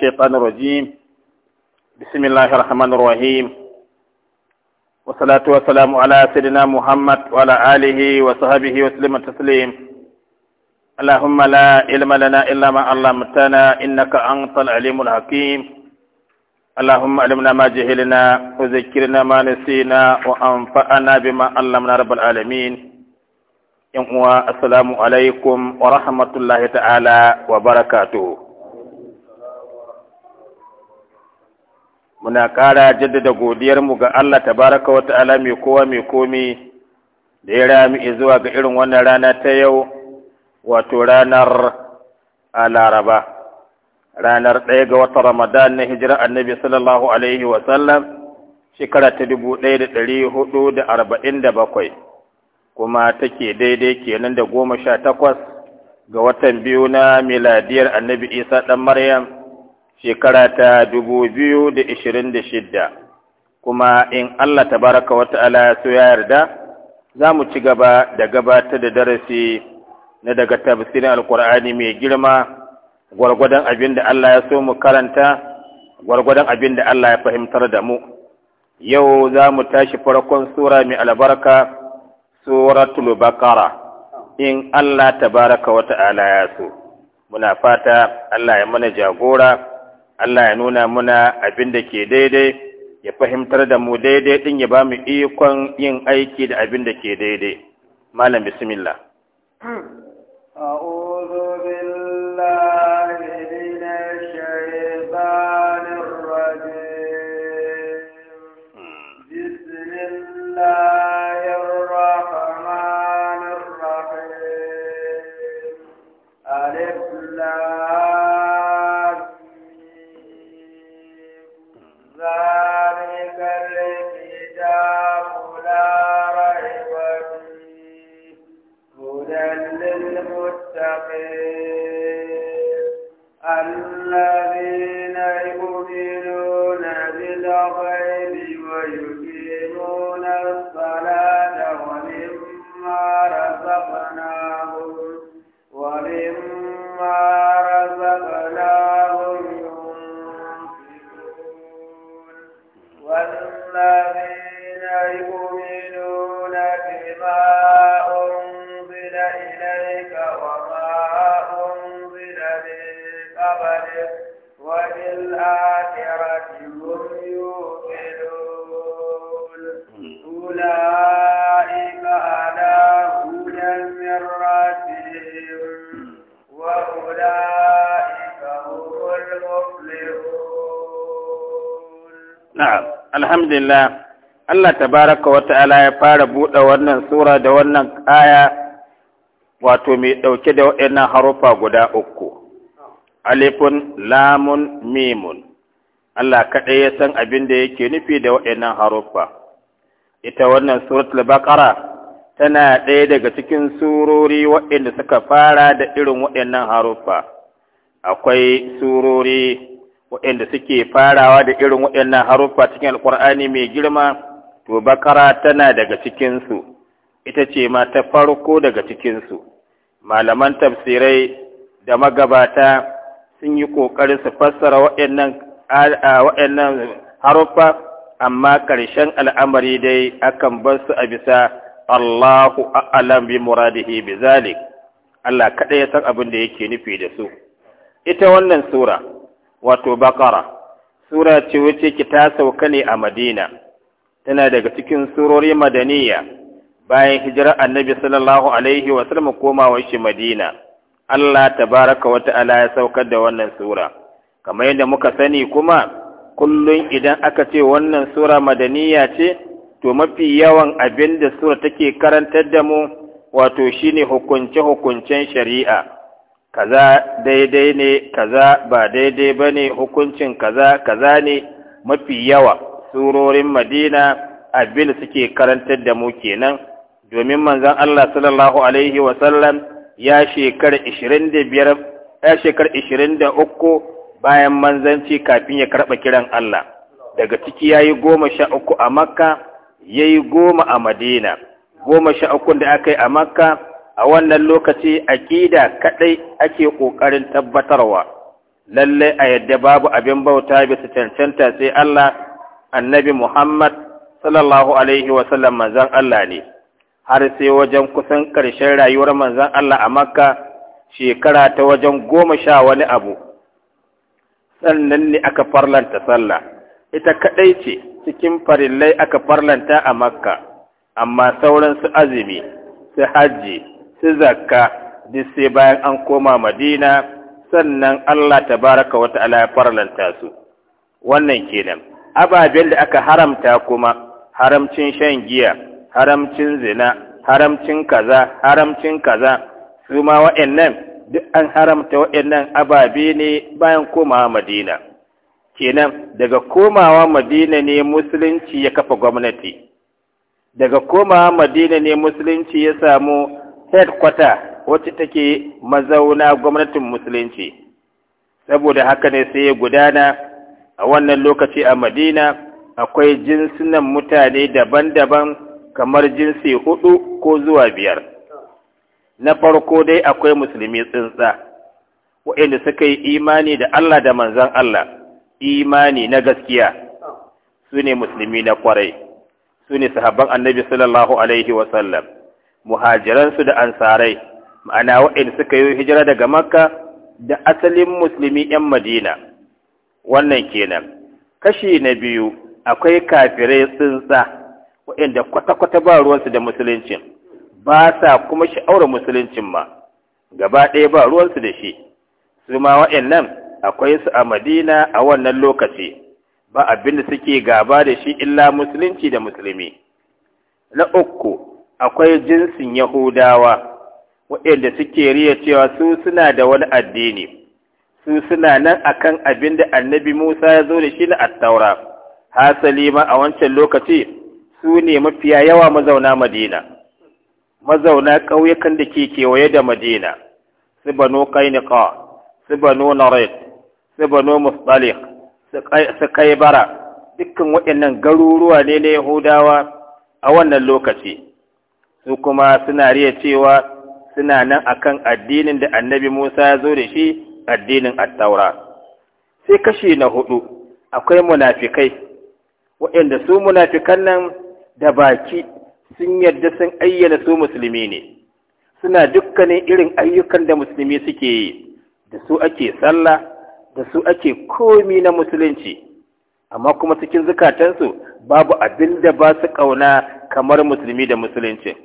الشيطان الرجيم بسم الله الرحمن الرحيم والصلاة والسلام على سيدنا محمد وعلى آله وصحبه وسلم تسليم اللهم لا علم لنا إلا ما علمتنا إنك أنت العليم الحكيم اللهم علمنا ما جهلنا وذكرنا ما نسينا وأنفعنا بما علمنا رب العالمين يوم السلام عليكم ورحمة الله تعالى وبركاته muna ƙara jaddada godiyarmu ga Allah tabaraka wa ta'ala mai kowa mai komi da ya rami zuwa ga irin wannan rana ta yau wato ranar Laraba. ranar ɗaya ga wata ramadan na hijira annabi sallallahu alaihi wa sallam shekara ta dubu ɗaya da ɗari hudu da arba'in da bakwai kuma take daidai kenan da goma sha takwas ga watan biyu na miladiyar annabi isa ɗan maryam shekara ta dubu biyu da ishirin da shidda kuma in Allah ta baraka wa ta'ala ya so ya yarda za mu ci gaba da gabatar da darasi na daga tafsirin alkur'ani mai girma gwargwadon abin da Allah ya so mu karanta gwargwadon abin da Allah ya fahimtar da mu yau za mu tashi farkon sura mai albarka suratul baqara in Allah ta baraka wa ta'ala ya so muna fata Allah ya mana jagora Allah ya nuna muna abin da ke daidai ya fahimtar da mu daidai din ya ba mu ikon yin aiki da abin da ke daidai malam bismillah hmm. a'udhu billah Allah tabaraka wa ta'ala ya fara buɗe wannan sura da wannan aya wato mai ɗauke da waɗannan harufa guda uku alifun lamun mimun Allah kaɗai ya san abin da yake nufi da waɗannan harufa ita wannan suratul baqara tana ɗaya daga cikin surori waɗanda suka fara da irin waɗannan haruffa akwai surori waɗanda suke farawa da irin waɗannan haruffa cikin alƙur'ani mai girma to bakara tana daga cikinsu ita ce ma ta farko daga cikinsu malaman tafsirai da magabata sun yi ƙoƙarin su fassara waɗannan haruffa amma ƙarshen al'amari dai akan bar su a bisa Allahu a'lam bi muradihi bi zalik Allah kaɗai ya san abin da yake nufi da su ita wannan sura wato bakara sura ce wuce ki ta sauka ne a Madina tana daga cikin surori madaniya bayan hijirar annabi sallallahu alaihi wa sallam komawa shi madina Allah tabaraka wa ta'ala ya saukar da wannan sura kamar yadda muka sani kuma kullum idan aka ce wannan sura madaniya ce to mafi yawan abin da sura take karantar da mu wato shine hukunce hukuncen shari'a kaza daidai ne kaza ba daidai bane hukuncin kaza kaza ne mafi yawa surorin madina abin suke karantar da mu kenan domin manzon Allah sallallahu alaihi wa sallam ya shekar 25 ya shekar 23 bayan manzanci kafin ya karba kiran Allah daga ciki yayi 13 a Makka yayi 10 a Madina 13 da aka yi a Makka a wannan lokaci akida kadai ake kokarin tabbatarwa lalle a yadda babu abin bauta bisa cancanta sai Allah annabi Muhammad sallallahu alaihi wasallam manzan Allah ne, har sai wajen kusan ƙarshen rayuwar manzan Allah a Makka shekara ta wajen goma sha wani abu, sannan ne aka farlanta sallah, ita kaɗai ce cikin farillai aka farlanta a Makka, amma sauran su azumi, su hajji, su zakka, duk sai bayan an koma Madina, sannan Allah ta baraka wata ala ya farlanta su. Wannan kenan. ababen da aka haramta kuma haramcin shan giya haramcin zina haramcin kaza haramcin kaza su ma wa'annan duk an haramta wa'annan ababe ne bayan komawa madina kenan daga komawa madina ne musulunci ya kafa gwamnati daga komawa madina ne musulunci ya samu headquarter wacce take mazauna gwamnatin musulunci saboda haka ne sai ya gudana a wannan lokaci a madina akwai jinsunan mutane daban-daban kamar jinsi hudu ko zuwa biyar na farko dai akwai musulmi tsintsa waɗanda suka yi imani da Allah da manzan Allah imani na gaskiya su ne musulmi na kwarai su ne sahabban annabi sallallahu alaihi wasallam muhajiransu da ansarai ma'ana waɗanda suka yi hijira daga makka da asalin musulmi 'yan madina wannan kenan kashi na biyu akwai kafirai tsinsa waɗanda kwata-kwata ba ruwansu da musuluncin ba sa kuma sha'awar musuluncin ma gaba ɗaya ba ruwansu da shi su ma waɗannan akwai su a madina a wannan lokaci ba abin da suke gaba da shi illa musulunci da musulmi na uku akwai jinsin yahudawa waɗanda suke riya cewa su suna da wani addini su suna nan akan abin da annabi Musa ya zo da shi na attaura hasali ma a wancan lokaci su ne mafiya yawa mazauna Madina mazauna ƙauyukan da ke kewaye da Madina su bano Kainika su bano Nared su bano Mustalik su Kaibara dukkan waɗannan garuruwa ne na Yahudawa a wannan lokaci su kuma suna riya cewa suna nan akan addinin da annabi Musa ya zo da shi addinin attaura sai kashi na hudu akwai munafikai waɗanda su munafikan nan da baki sun yarda sun ayyana su musulmi ne suna dukkanin irin ayyukan da musulmi suke yi da su ake sallah da su ake komi na musulunci amma kuma cikin zukatansu babu abin da ba su ƙauna kamar musulmi da musulunci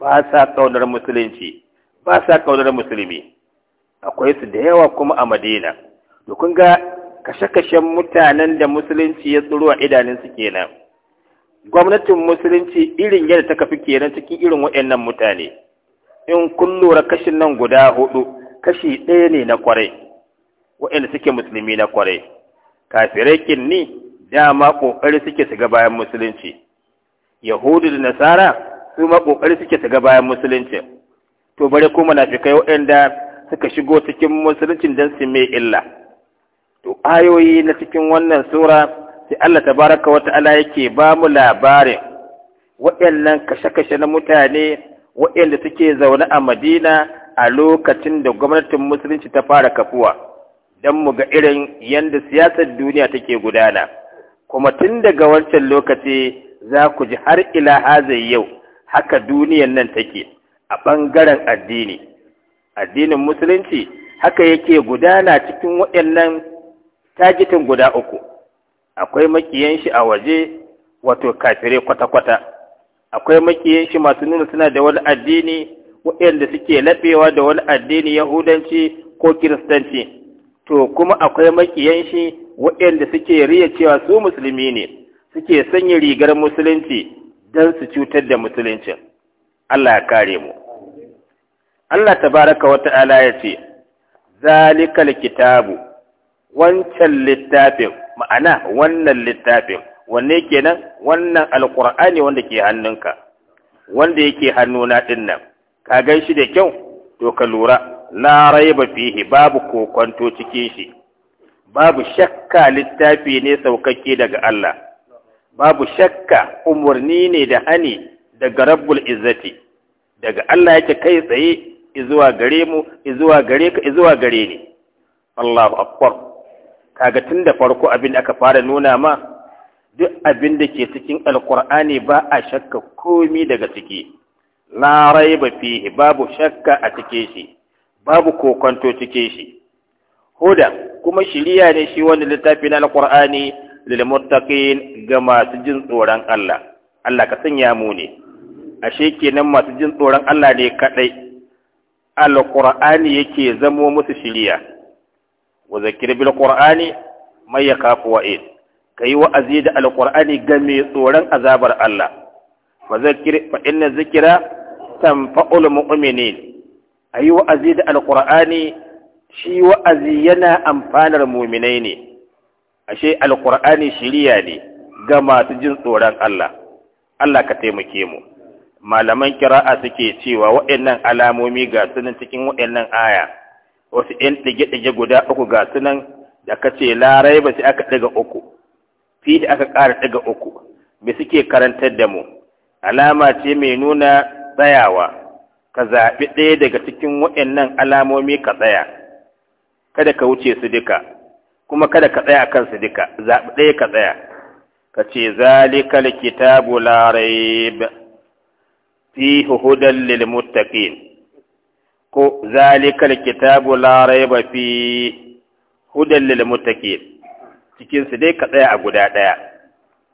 ba sa ƙaunar musulunci ba sa ƙaunar musulmi akwai su da yawa kuma a madina to kun ga kashe-kashen mutanen da musulunci ya tsuru a idanunsu kenan gwamnatin musulunci irin yadda ta kafi kenan cikin irin waɗannan mutane in kun lura kashin nan guda hudu kashi ɗaya ne na kwarai waɗanda suke musulmi na kwarai kafirai kinni dama ƙoƙari suke su bayan musulunci yahudu da nasara su ma ƙoƙari suke su bayan musulunci to bare kuma kai waɗanda suka shigo cikin musuluncin don su mai illa to ayoyi na cikin wannan sura sai Allah Ta baraka wa ta'ala yake ba mu labarin waɗannan kashe-kashe na mutane waɗanda suke zaune a Madina a lokacin da gwamnatin musulunci ta fara kafuwa don mu ga irin yadda siyasar duniya take gudana kuma tun daga wancan lokaci za ku ji har ila yau haka duniyan nan take a ɓangaren addini addinin musulunci haka yake gudana cikin waɗannan tagitin guda uku akwai makiyan shi a waje wato kafirai kwata-kwata akwai makiyan shi masu nuna suna da wani addini waɗanda suke laɓewa da wani addini yahudanci ko kiristanci to kuma akwai makiyan shi waɗanda suke riya cewa su musulmi ne suke sanya rigar musulunci don su cutar da Musulunci. Allah ya kare mu Allah ta tabaraka wa ala ya ce zalikal kitabu wancan littafin ma'ana wannan littafin wanne kenan wannan Alƙur'ani wanda ke hannunka wanda yake hannuna ɗin nan ka gan shi da kyau to ka lura larai ba fihi babu kokonto cikin shi babu shakka littafi ne saukakke daga Allah babu shakka umarni ne da hani daga rabbul izzati daga Allah yake kai tsaye izuwa gare mu izuwa gare ka izuwa gare ni Allahu akbar kaga tun da farko abin da aka fara nuna ma duk abin da ke cikin alkur'ani ba a shakka komi daga ciki la raiba fihi babu shakka a cike shi babu kokonto cike shi huda kuma shiriya ne shi wannan littafi na alkur'ani lil muttaqin ga masu jin tsoron Allah Allah ka sanya mu ne ashe kenan masu jin tsoron Allah ne kadai alƙur'ani yake zamo musu shiriya wa zakir bil qur'ani may wa id kai wa'azi da qur'ani ga mai tsoron azabar Allah fa zakir fa inna zikra tanfa'ul mu'minin ayi wa'azi da qur'ani shi wa'azi yana amfanar mu'minai ne ashe qur'ani shiriya ne ga masu jin tsoron Allah Allah ka taimake mu malaman kira'a suke cewa waɗannan alamomi ga sunan cikin waɗannan aya wasu ɗin ɗige-ɗige guda uku ga sunan da kace ce larai ba sai aka ɗaga uku fi da aka ƙara ɗaga uku me suke karantar da mu alama ce mai nuna tsayawa ka zaɓi ɗaya daga cikin waɗannan alamomi ka tsaya kada ka wuce su duka kuma kada ka tsaya kan su duka zaɓi ɗaya ka tsaya ka ce zalikal kitabu la fi hudan lil muttaqin ko zalikal kitabu la rayba fi hudan lil muttaqin cikin su dai ka tsaya a guda daya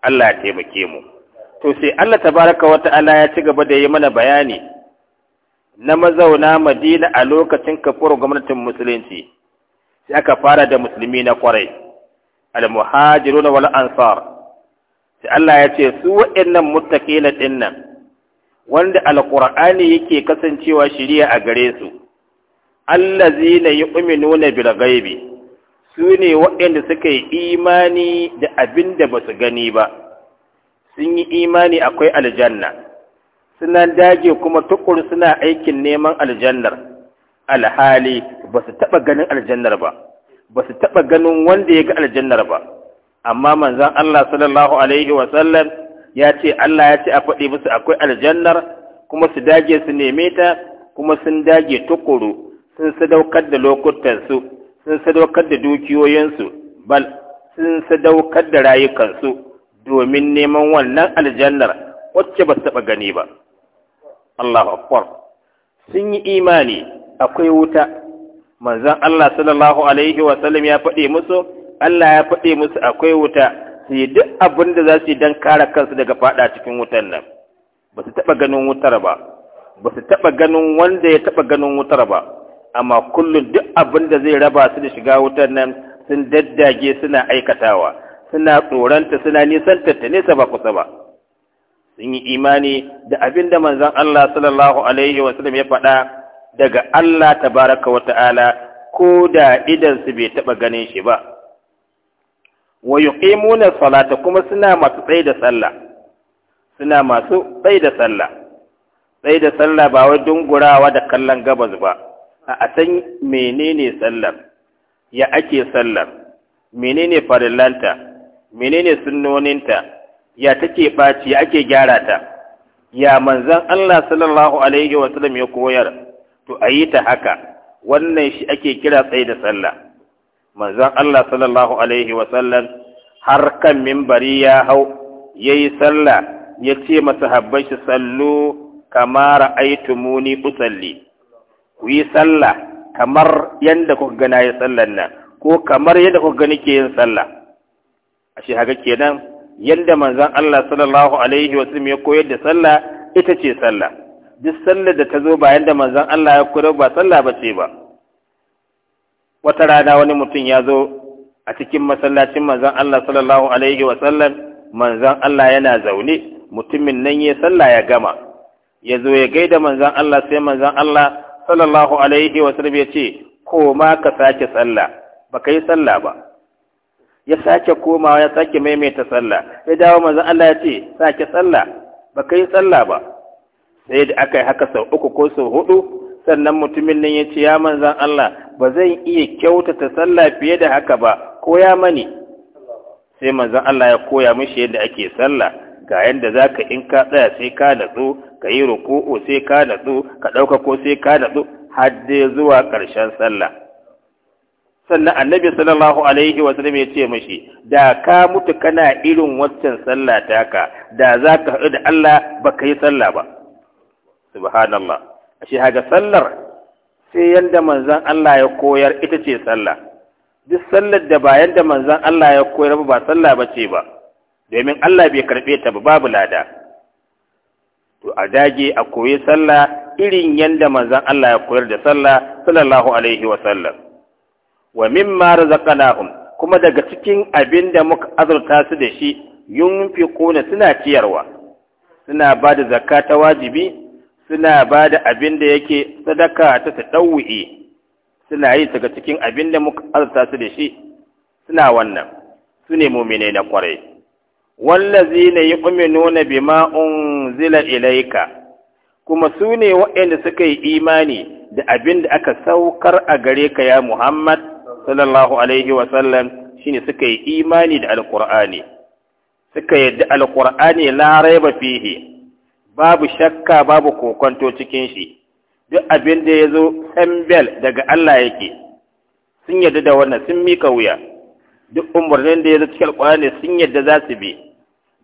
Allah ya taimake mu to sai Allah tabaraka wa ta'ala ya ci gaba da yi mana bayani na mazauna Madina a lokacin kafuwar gwamnatin musulunci sai aka fara da musulmi na kwarai al muhajiruna wal ansar sai Allah ya ce su waɗannan muttaqina dinnan wanda alqur'ani yake kasancewa shiriya a gare su allazina yu'minuna bil ghaibi su ne waɗanda suka yi imani da abin da ba su gani ba sun yi imani akwai aljanna suna dage kuma tukur suna aikin neman aljannar alhali ba su taɓa ganin aljannar ba ba su taɓa ganin wanda ya ga aljannar ba amma manzan Allah sallallahu alaihi wasallam ya ce Allah ya ce a faɗi musu akwai aljannar kuma su dage su neme ta kuma sun dage tukuru sun sadaukar da lokutansu sun sadaukar da dukiyoyinsu bal sun sadaukar da rayukansu domin neman wannan aljannar wacce ba su taɓa gani ba Allahu akbar sun yi imani akwai wuta manzon Allah sallallahu alaihi wa sallam ya faɗi musu Allah ya faɗi musu akwai wuta su yi duk abin da za su yi don kare kansu daga faɗa cikin wutar nan ba su taɓa ganin wutar ba ba su taɓa ganin wanda ya taɓa ganin wutar ba amma kullum duk abin da zai raba su da shiga wutar nan sun daddage suna aikatawa suna tsoranta suna nisanta ta nisa ba kusa ba sun yi imani da abin da manzon Allah sallallahu alaihi Sallam ya faɗa daga Allah tabaraka wa ta'ala ko da idan su bai taɓa ganin shi ba wa yuqimuna salata kuma suna masu tsaye da sallah suna masu tsaye da sallah tsaye da sallah ba wai dungurawa da kallon gabas ba a san menene sallar ya ake sallar menene farillanta menene sunnoninta ya take ɓaci ya ake gyara ta ya manzan Allah sallallahu alaihi wa sallam ya koyar to a yi ta haka wannan shi ake kira tsaye da sallah manzon Allah sallallahu alaihi wasallam har kan mimbari ya hau yayi sallah ya ce masahabban shi sallu kamar aitumuni usalli ku yi sallah kamar yadda kuka gana ya sallan nan ko kamar yadda kuka gani ke yin sallah shi haka kenan yadda manzon Allah sallallahu alaihi wasallam ya koyar da sallah ita ce sallah duk sallar da ta zo ba yadda manzon Allah ya koyar ba sallah ba ce ba wata rana wani mutum ya zo a cikin masallacin manzon Allah sallallahu alaihi wa sallam manzon Allah yana zaune mutumin nan ya sallah ya gama ya zo ya gaida manzon Allah sai manzon Allah sallallahu alaihi wa sallam ya ce ko ma ka sake sallah baka yi sallah ba ya sake komawa ya sake maimaita sallah ya dawo manzon Allah ya ce sake sallah baka yi sallah ba sai da aka yi haka sau uku ko sau hudu sannan mutumin nan ya ce ya manzan Allah ba zan iya kyautata sallah fiye da haka ba koya mani sai manzan Allah ya koya mishi yadda ake sallah ga yadda za ka in ka tsaya sai ka natsu ka yi ruku'u sai ka natsu ka ɗauka ko sai ka natsu har dai zuwa ƙarshen sallah sannan annabi sallallahu alaihi wa sallam ya ce mishi da ka mutu kana irin waccan sallah taka da za ka haɗu da Allah ba ka yi sallah ba subhanallah ashe haga sallar sai yanda manzon Allah ya koyar ita ce sallah duk sallar da ba yanda manzon Allah ya koyar ba sallah bace ba domin Allah bai karbe ta ba babu lada to a dage a koyi sallah irin yanda manzon Allah ya koyar da sallah sallallahu alaihi wa sallam wa mimma razaqnahum kuma daga cikin abinda muka azurta su da shi yunfiquna suna ciyarwa suna ba da zakka ta wajibi suna ba da abin da yake sadaka ta taɗawu'i suna yi daga cikin abin da muka azurta su da shi suna wannan su ne mumine na kwarai wallazi ne yi uminuna bima unzila ilaika kuma su ne waɗanda suka yi imani da abin da aka saukar a gare ka ya muhammad sallallahu alaihi wasallam ne suka yi imani da alkur'ani suka yadda alkur'ani la raiba fihi babu shakka babu kokonto cikin shi duk abin da ya zo daga Allah yake sun yarda da wannan sun mika wuya duk umarnin da ya zo cikin alƙur'ani sun yarda za su bi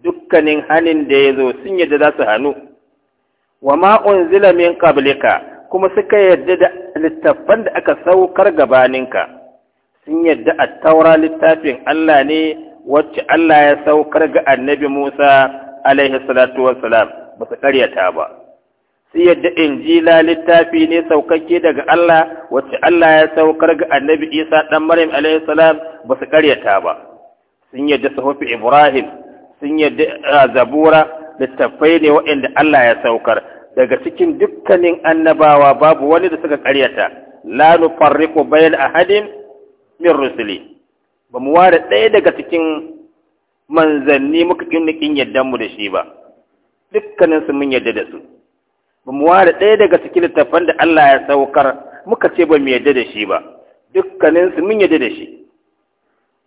dukkanin hanin da ya zo sun yarda za su hannu wa ma unzila min kuma suka yarda da littafan da aka saukar gabaninka sun yarda a taura littafin Allah ne wacce Allah ya saukar ga annabi Musa alaihi salatu wassalam ba su karyata ba su yadda injila littafi ne saukakke daga Allah wacce Allah ya saukar ga annabi Isa ɗan Maryam alaihi salam ba su karyata ba sun yadda sahufi Ibrahim sun yadda zabura littafai ne waɗanda Allah ya saukar daga cikin dukkanin annabawa babu wani da suka karyata la nufarriqu bayna ahadin min rusuli ba mu ware ɗaya daga cikin manzanni muka kinnikin yaddanmu da shi ba dukkanin su mun yarda da su ba mu ware ɗaya daga cikin littafan da Allah ya saukar muka ce ba mu yarda da shi ba dukkanin su mun yarda da shi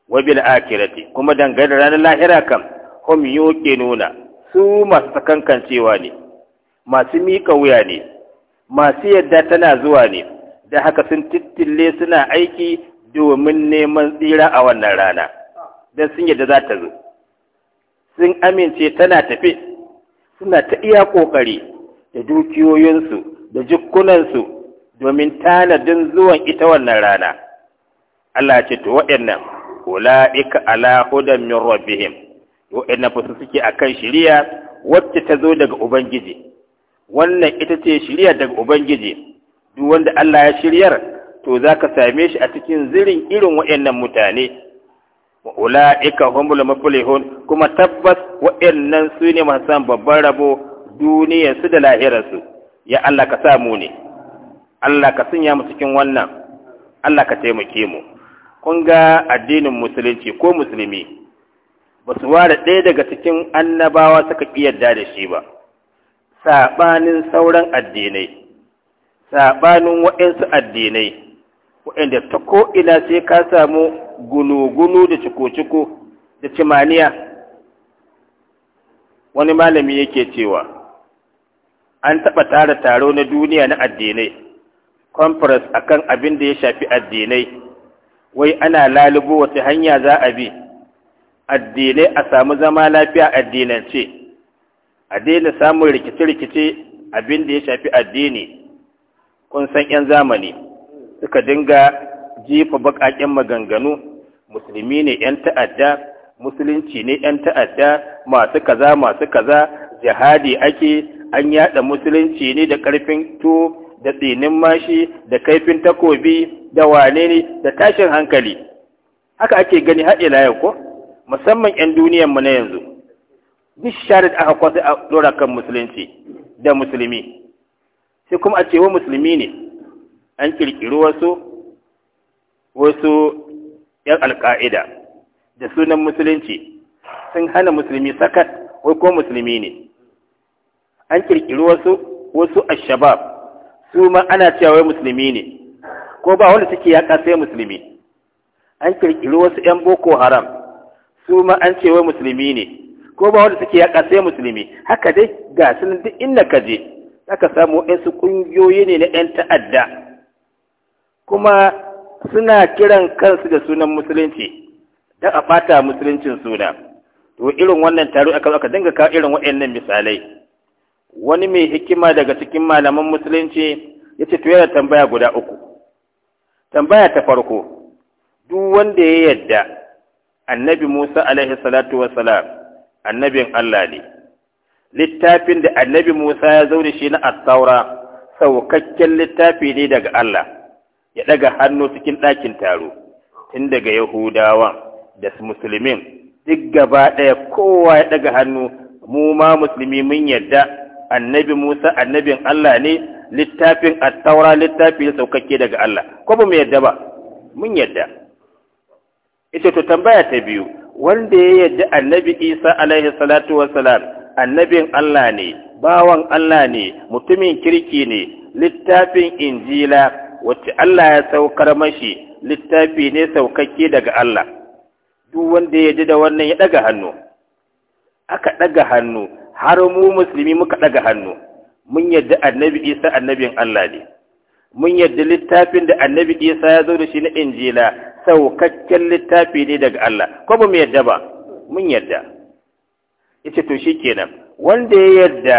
wa bil akhirati kuma dangane da ranar lahira kam hum yuqinuna su masu sakankancewa ne masu mika wuya ne masu yadda tana zuwa ne da haka sun tittille suna aiki domin neman tsira a wannan rana don sun yarda za ta zo sun amince tana tafi. suna ta iya ƙoƙari da dukiyoyinsu da jikunansu domin tanadin zuwan ita wannan rana Allah ce to waɗannan ula'ika ala hudan min rabbihim waɗannan fa suke akan shiriya wacce ta zo daga ubangiji wannan ita ce shiriya daga ubangiji duk wanda Allah ya shiryar to zaka same shi a cikin zirin irin waɗannan mutane wa ula'ika humul muflihun kuma tabbas wayannan su ne masu san babban rabo duniyar su da lahirar su ya Allah ka sa ne Allah ka sanya mu cikin wannan Allah ka taimake mu kun ga addinin musulunci ko musulmi ba su ware ɗaya daga cikin annabawa suka ƙiyarda da shi ba saɓanin sauran addinai saɓanin waɗansu addinai waɗanda ta ko ina sai ka samu gunugunu da cikociko da cimaniya wani malami yake cewa an taɓa tara taro na duniya na addinai conference akan abin da ya shafi addinai wai ana lalubo wata hanya za a bi addinai a samu zama lafiya addinance a daina samun rikice-rikice abin da ya shafi addini kun san 'yan zamani suka dinga jifa baƙaƙen maganganu musulmi ne 'yan ta'adda musulunci ne 'yan ta'adda masu kaza masu kaza jihadi ake an yada musulunci ne da ƙarfin to da tsinin mashi da kaifin takobi da wane ne da tashin hankali haka ake gani har ila yau ko musamman 'yan duniyar mu na yanzu duk sharid aka kwasa a dora kan musulunci da musulmi sai kuma a cewa musulmi ne an kirkiri wasu wasu 'yan alka'ida da sunan musulunci sun hana musulmi sakat wai ko musulmi ne an kirkiri wasu wasu ashabab su ma ana cewa wai musulmi ne ko ba wanda suke yaƙa sai musulmi an kirkiri wasu 'yan boko haram su ma an ce wai musulmi ne ko ba wanda suke yaƙa sai musulmi haka dai ga sun duk inda ka je aka samu waɗansu ƙungiyoyi ne na 'yan ta'adda kuma suna kiran kansu da sunan musulunci don a ɓata musuluncin suna to irin wannan taro aka aka dinga kawo irin waɗannan misalai wani mai hikima daga cikin malaman musulunci ya ce to yana tambaya guda uku tambaya ta farko duk wanda ya yadda annabi musa alaihi salatu wassalam annabin allah ne littafin da annabi musa ya zaune shi na attaura saukakken littafi ne daga allah ya ɗaga hannu cikin ɗakin taro tun daga yahudawan da musulmin duk gaba ɗaya kowa ya ɗaga hannu mu ma musulmi mun yadda annabi musa annabin allah ne littafin attaura littafi ya saukakke daga allah ko ba mu yadda ba mun yadda ita to tambaya ta biyu wanda ya yadda annabi isa alaihi salatu wassalam annabin allah ne bawan allah ne mutumin kirki ne littafin injila wacce Allah ya saukar mashi littafi ne saukakke daga Allah duk wanda ya ji da wannan ya ɗaga hannu aka ɗaga hannu har mu musulmi muka ɗaga hannu mun yadda annabi isa annabin Allah ne mun yadda littafin da annabi isa ya zo da shi na injila saukakken littafi ne daga Allah ko ba mu yadda ba mun yadda ita to shi kenan wanda ya yadda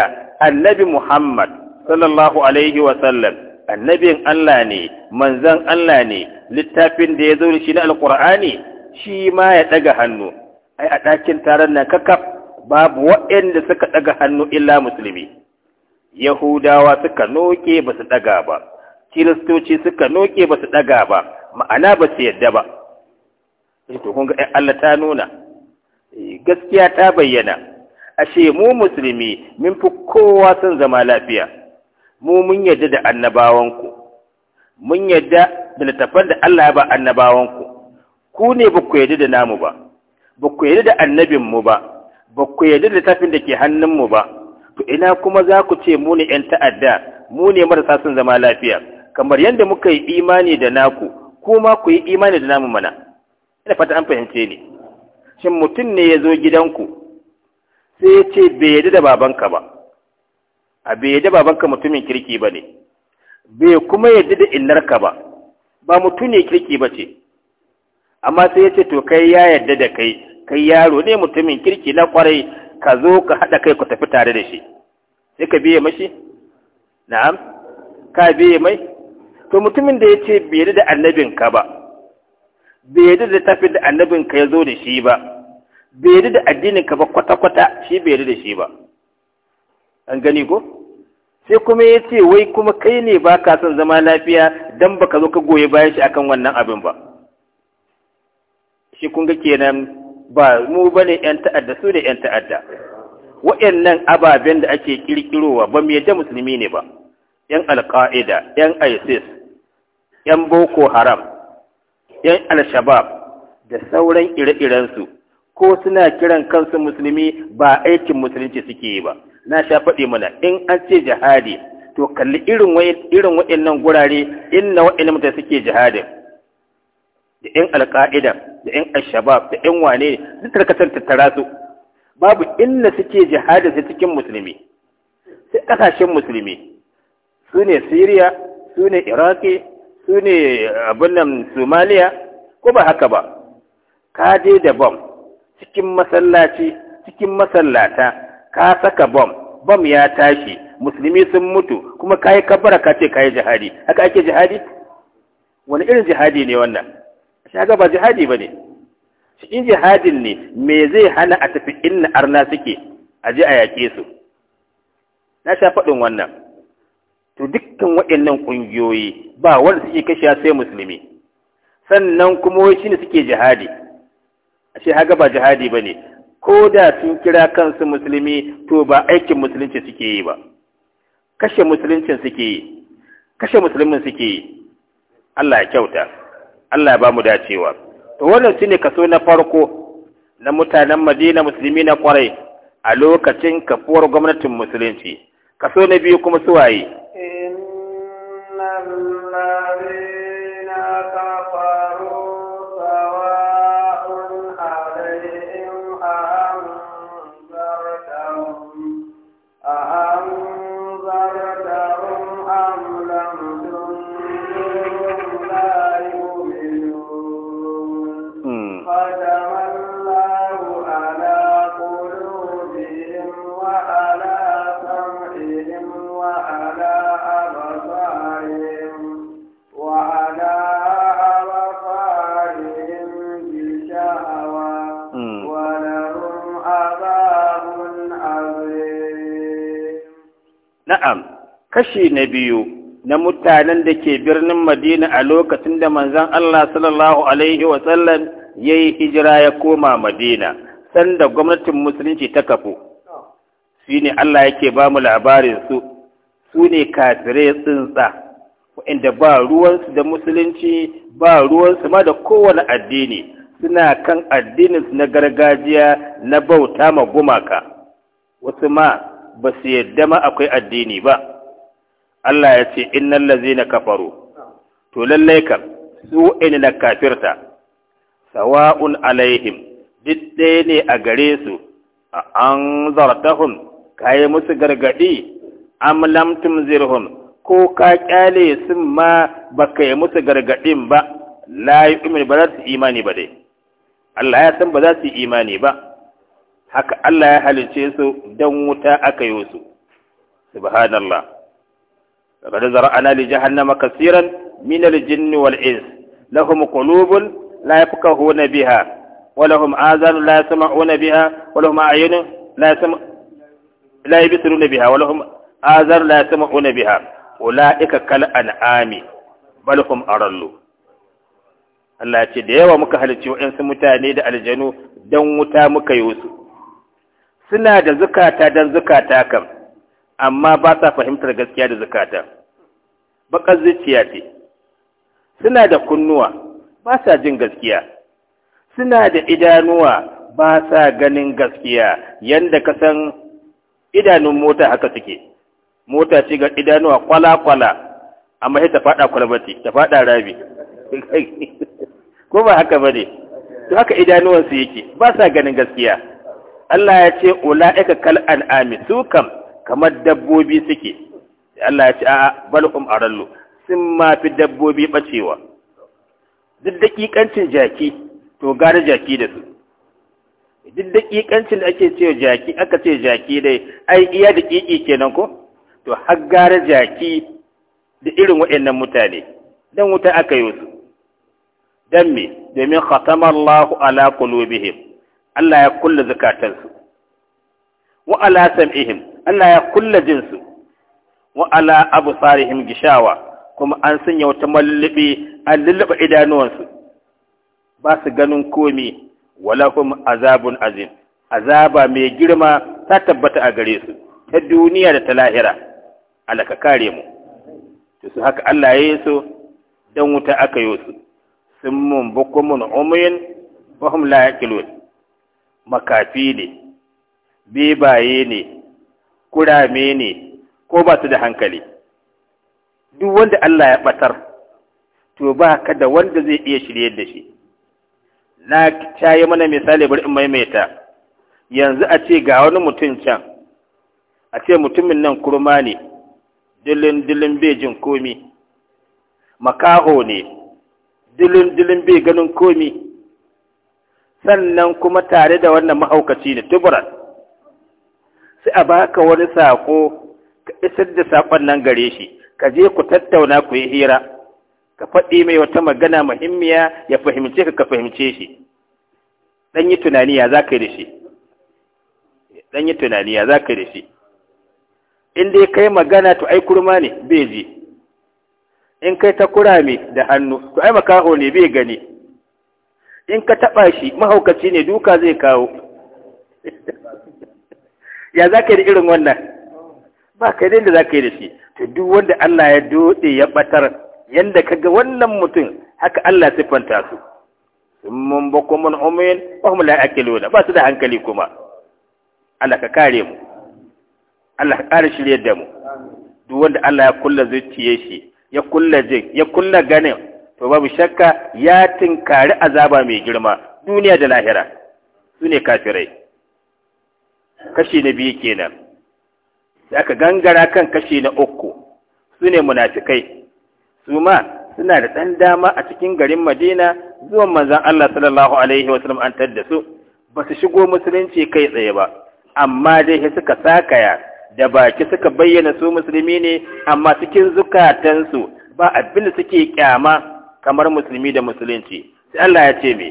annabi muhammad sallallahu alaihi wa sallam annabin Allah ne manzan Allah ne littafin da ya zo da shi na alkur'ani shi ma ya ɗaga hannu ai a ɗakin taron nan kakaf babu waɗanda suka ɗaga hannu illa musulmi yahudawa suka noke ba su ɗaga ba kiristoci suka noke ba su ɗaga ba ma'ana ba su yadda ba eh, to ga ai eh, Allah ta nuna eh, gaskiya ta bayyana ashe mu musulmi min fi kowa son zama lafiya mu mun yadda da annabawanku mun yadda da littafan da Allah ya ba annabawanku ku ne ba ku yadda da namu ba ba ku yadda da annabinmu ba ba ku yadda da littafin da ke hannunmu ba to ina kuma za ku ce mu ne 'yan ta'adda mu ne marasa sun zama lafiya kamar yadda muka yi imani da naku kuma ku yi imani da namu mana ina fata an fahimce ni shin mutum ne ya zo gidanku sai ya ce bai yadda da babanka ba a bai yadda babanka mutumin kirki ba ne bai kuma yadda da ka ba ba mutum ne kirki ba ce amma sai ya ce to kai ya yadda da kai kai yaro ne mutumin kirki na kwarai ka zo ka haɗa kai ku tafi tare da shi sai ka biye mashi na'am ka biye mai to mutumin da ya ce bai yadda da annabinka ba bai yadda da tafi da annabinka ya zo da shi ba bai yadda da addininka ba kwata-kwata shi bai yadda da shi ba an gani ko sai kuma ya ce wai kuma kai ne ba ka son zama lafiya don ba ka zo ka goyi bayan shi akan wannan abin ba shi kun kenan ba mu ba ne 'yan ta'adda su ne 'yan ta'adda wa'annan ababen da ake kirkirowa ba mu yadda musulmi ne ba 'yan alƙa'ida 'yan isis 'yan boko haram 'yan al-shabab da sauran ire-irensu ko suna kiran kansu musulmi ba aikin musulunci suke yi ba na sha faɗi mana in an ce jihadi to kalli irin irin waɗannan gurare inna waɗannan mutane suke jihadin da in alƙa'ida da Al-Shabab, da in wane ne duk tarkatar tattara su babu inna suke jihadin su cikin musulmi sai ƙasashen musulmi su ne siriya su ne iraki su ne eh, abin nan somaliya ko ba haka ba ka je da bam cikin masallaci cikin masallata ka saka bom bom ya tashi musulmi sun mutu kuma ka yi kabbara ka ce ka yi jihadi haka ake jihadi wani irin jihadi ne wannan haka ba jihadi ba ne in jihadin ne me zai hana a tafi inna arna suke a ji a yaƙe su na sha faɗin wannan to dukkan waɗannan ƙungiyoyi ba wanda suke kashe sai musulmi sannan kuma wai shi ne suke jihadi ashe haga ba jihadi bane ko da sun kira kansu musulmi to ba aikin musulunci suke yi ba kashe musuluncin suke yi kashe musulmin suke yi Allah ya kyauta Allah ya ba mu dacewa to wannan shine kaso na farko na mutanen Madina musulmi na kwarai a lokacin kafuwar gwamnatin musulunci kaso na biyu kuma suwaye kashi na biyu na mutanen da ke birnin Madina a lokacin da manzan Allah sallallahu alaihi wasallam ya yayi hijira ya koma Madina sanda gwamnatin musulunci ta kafu shine Allah yake ba mu labarin su su ne kafirai tsuntsa inda ba ruwansu da musulunci ba ruwansu ma da kowane addini suna kan addininsu na gargajiya na bauta ma gumaka wasu ma ba su yadda ma akwai addini ba Allah ya ce innal ladzina kafaru to lallai kam su na kafirta sawa'un alaihim duk ɗaya ne a gare su a an ka yi musu gargaɗi am lam zirhun, ko ka ƙyale sun ma baka yi musu gargaɗin ba la umar ba za su imani ba dai Allah ya san ba za su yi imani ba, haka Allah ya halice su don wuta aka yi su, subhanallah. لقد زرعنا لجهنم كثيرا من الجن والإنس لهم قلوب لا يفقهون بها ولهم آذان لا يسمعون بها ولهم أعين لا يسمع لا يبصرون بها ولهم آذان لا يسمعون بها أولئك كالأنعام بل هم أرلوا Allah ce da yawa muka halicci waɗansu mutane da aljanu don wuta muka yi wasu suna da zukata don zukata kam amma ba sa fahimtar gaskiya da zakata bakar zuciya ce suna da kunnuwa ba sa jin gaskiya suna da idanuwa ba sa ganin gaskiya yadda ka san idanun mota haka suke mota ce ga idanuwa kwala-kwala amma sai ta faɗa kwalbati ta faɗa rabi ko ba haka ba ne to haka idanuwansu yake ba sa ganin gaskiya Allah ya ce ula'ika kal an'ami su kam kamar dabbobi suke Allah ya ce a balhum arallu sun ma fi dabbobi bacewa duk dakikancin jaki to gane jaki da su duk dakikancin da ake cewa jaki aka ce jaki dai ai iya da kiki kenan ko to har gare jaki da irin waɗannan mutane dan wuta aka yi su dan me domin khatamallahu ala qulubihim Allah ya kulle zakatansu wa ala sam'ihim Allah ya kulla jinsu wa ala sarihim gishawa kuma an sanya wata mallubi an lulluba idanuwansu ba su ganin komi wala kuma azabun azim azaba mai girma ta tabbata a gare su ta duniya da ta lahira alaka kare mu to su haka Allah ya yi su dan wuta aka yi su sun mun bukumun umuyin wahum la yaqilun makafi ne bebaye ne kurame ne ko ba su da hankali duk wanda Allah ya batar to ba ka da wanda zai iya shirye da shi na caye mana misali bari maimaita yanzu a ce ga wani mutum can a ce mutumin nan kurma ne dilin dilin bai jin komi makaho ne dilin dilin bai ganin komi sannan kuma tare da wannan mahaukaci da tuburan sai a baka wani sako ka isar da sakon nan gare shi ka je ku tattauna ku yi hira ka faɗi mai wata magana muhimmiya ya fahimce ka ka fahimce shi dan yi tunani ya za ka yi da shi dan yi tunani ya za ka yi da shi in dai kai magana to ai kurma ne bai ji in kai ta kurame da hannu to ai makaho ne bai gani in ka taɓa shi mahaukaci ne duka zai kawo ya za ka yi irin wannan ba ka yi da za ka yi da shi to duk wanda Allah ya dode ya batar yadda ka ga wannan mutum haka Allah siffanta su mun ba kuma umin ba kuma la akiluna ba su da hankali kuma Allah ka kare mu Allah ka kare shirye da mu duk wanda Allah ya kulla zuciyar shi ya kulla jin ya kulla ganin to babu shakka ya tinkari azaba mai girma duniya da lahira su ne kafirai kashi na biyu kenan da aka gangara kan kashi na uku su ne munafikai su ma suna da ɗan dama a cikin garin madina zuwa manzan allah sallallahu alaihi wasallam an da su ba su shigo musulunci kai tsaye ba amma dai suka sakaya da baki suka bayyana su musulmi ne amma cikin zukatansu ba abin da suke kyama kamar musulmi da musulunci sai allah ya ce me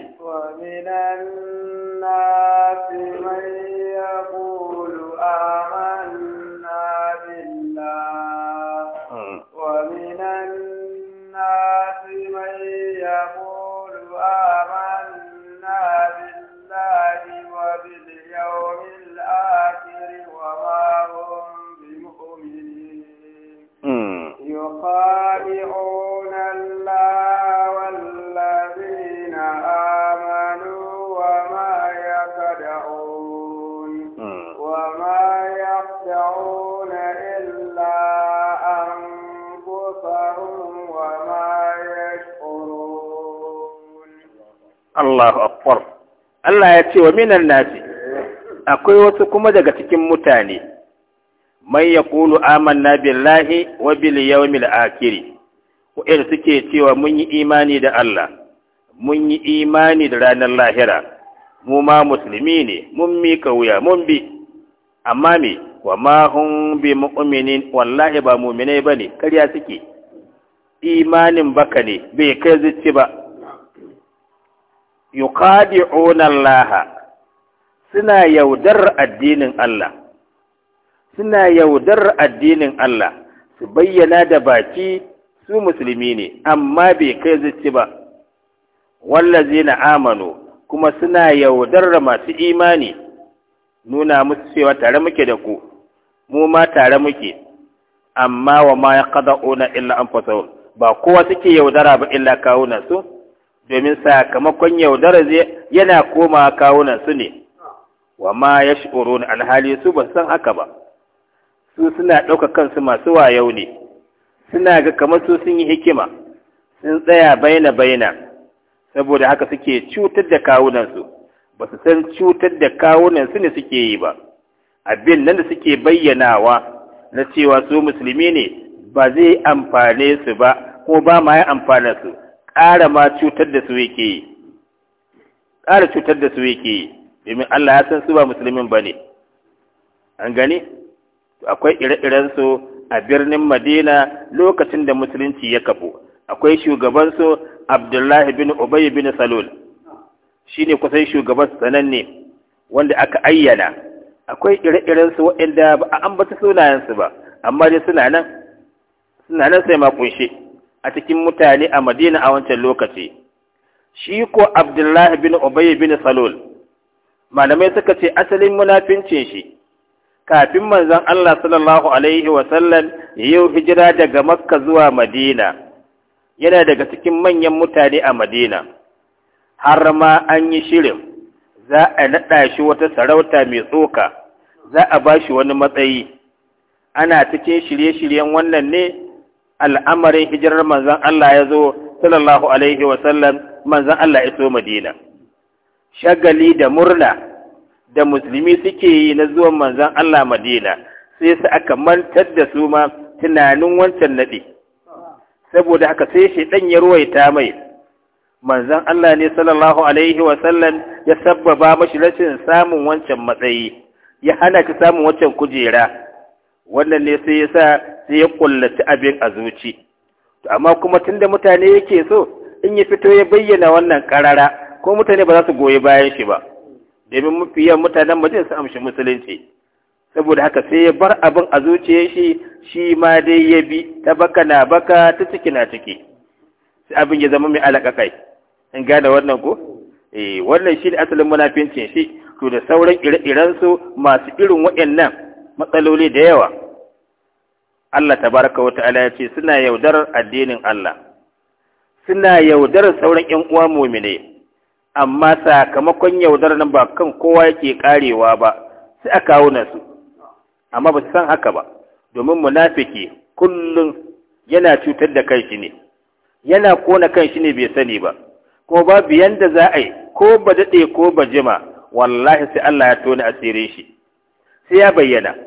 Allahu akbar Allah ya ce wa minan nasi akwai wasu kuma daga cikin mutane man yaqulu amanna billahi wa bil yawmil akhir wa'in suke cewa mun yi imani da Allah mun yi imani da ranar lahira mu ma musulmi ne mun mi wuya mun bi amma me wa ma hun bi mu'minin wallahi ba mu'minai bane karya suke imanin baka ne bai kai zuci ba yuqadi'una Allah suna yaudar addinin Allah suna yaudar addinin Allah su bayyana da baki su musulmi ne amma bai kai zuci ba wallazina amanu kuma suna yaudar masu imani nuna musu cewa tare muke da ku mu ma tare muke amma wa ma yaqda'una illa anfusuh ba kowa suke yaudara ba illa kawunansu domin sakamakon yaudara zai yana koma kawunan su ne wa ma ya shi'urun alhali su ba san haka ba su suna ɗauka kansu masu wayau ne suna ga kamar su sun yi hikima sun tsaya baina baina saboda haka suke cutar da kawunansu ba su san cutar da kawunansu ne suke yi ba abin nan da suke bayyanawa na cewa su musulmi ne ba zai amfane su ba ko ba ma ya amfana su ƙara ma cutar da su yake yi ƙara cutar da su yake yi domin Allah ya san su ba musulmin ba ne an gani akwai ire-irensu a birnin madina lokacin da musulunci ya kafu akwai shugabansu abdullahi bin ubay bin salul shi ne kusan shugaban sananne wanda aka ayyana akwai ire-irensu waɗanda ba a ambata sunayensu ba amma dai suna nan suna nan sai ma kunshe a cikin mutane a madina a wancan lokaci shi ko abdullahi bin ubayy bin salul malamai suka ce asalin munafincin shi kafin manzon Allah sallallahu alaihi wa sallam yau hijira daga makka zuwa madina yana daga cikin manyan mutane a madina har ma an yi shirin za a naɗa shi wata sarauta mai tsoka za a ba shi wani matsayi ana cikin shirye-shiryen wannan ne al'amarin hijirar Manzan Allah ya zo sallallahu alaihi wa sallam Allah ya so Madina shagali da murna da musulmi suke yi na zuwan Manzan Allah Madina sai su aka mantar da su ma tunanin wancan naɗi saboda haka sai shi ɗan ya ruwaita mai Manzan Allah ne sallallahu alaihi wa ya sabbaba mashi rashin samun wancan matsayi ya hana ki samun wancan kujera wannan ne sai ya sa sai ya kullaci abin a zuci amma kuma tunda mutane yake so in ya fito ya bayyana wannan karara ko mutane ba za su goyi bayan shi ba domin mafi yawan mutanen ba su amshi musulunci saboda haka sai ya bar abin a zuciyar shi shi ma dai ya bi ta baka na baka ta ciki na ciki sai abin ya zama mai alaƙaƙai in gane wannan ko eh wannan shi ne asalin munafincin shi to da sauran ire-irensu masu irin waɗannan matsaloli da yawa Allah ta baraka wa ta'ala ya ce suna yaudar addinin Allah suna yaudar sauran ƴan uwa mu'mine amma sakamakon yaudar nan ba kan kowa yake karewa ba sai a kawo nasu amma ba su san haka ba domin munafiki kullum yana cutar da kanshi ne yana kona kanshi ne bai sani ba ko babu yanda za a yi ko ba daɗe ko ba jima wallahi sai Allah ya tona asirin shi sai ya bayyana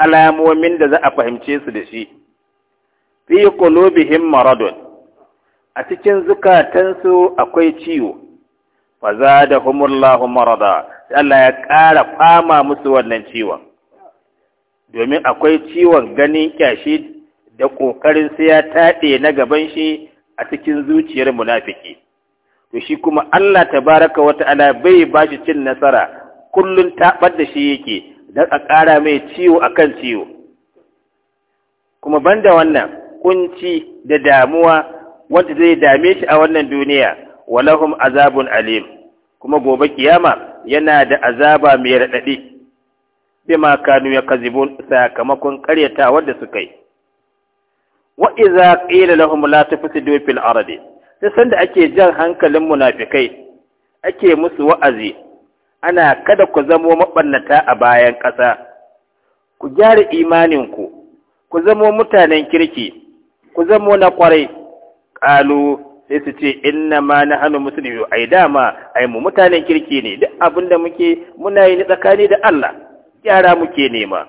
alamomin da za a fahimce su da shi fi qulubihim maradun a cikin zukatansu akwai ciwo fa zadahumullahu marada Allah ya ƙara fama musu wannan ciwon domin akwai ciwon ganin kyashi da ƙoƙarin sai ya taɗe na gaban shi a cikin zuciyar munafiki to shi kuma Allah Ta baraka wata ala bai ba shi cin nasara Kullum taɓar da shi yake don a ƙara mai ciwo a kan ciwo kuma banda wannan kunci da damuwa wanda zai dame shi a wannan duniya walahum azabun alim kuma gobe kiyama yana da azaba mai raɗaɗi ma kanu ya kazibun sakamakon ƙaryata wadda suka yi wa iza qila lahum la tufsidu fil ardi sai sanda ake jan hankalin munafikai ake musu wa'azi ana kada ku zamo mabannata a bayan ƙasa ku gyara imaninku ku zamo mutanen kirki ku zamo na kwarai. ƙalu sai su ce inna ma na hannu musulmi ai dama ai mu mutanen kirki ne duk abin da muke muna yi tsakani da Allah gyara muke nema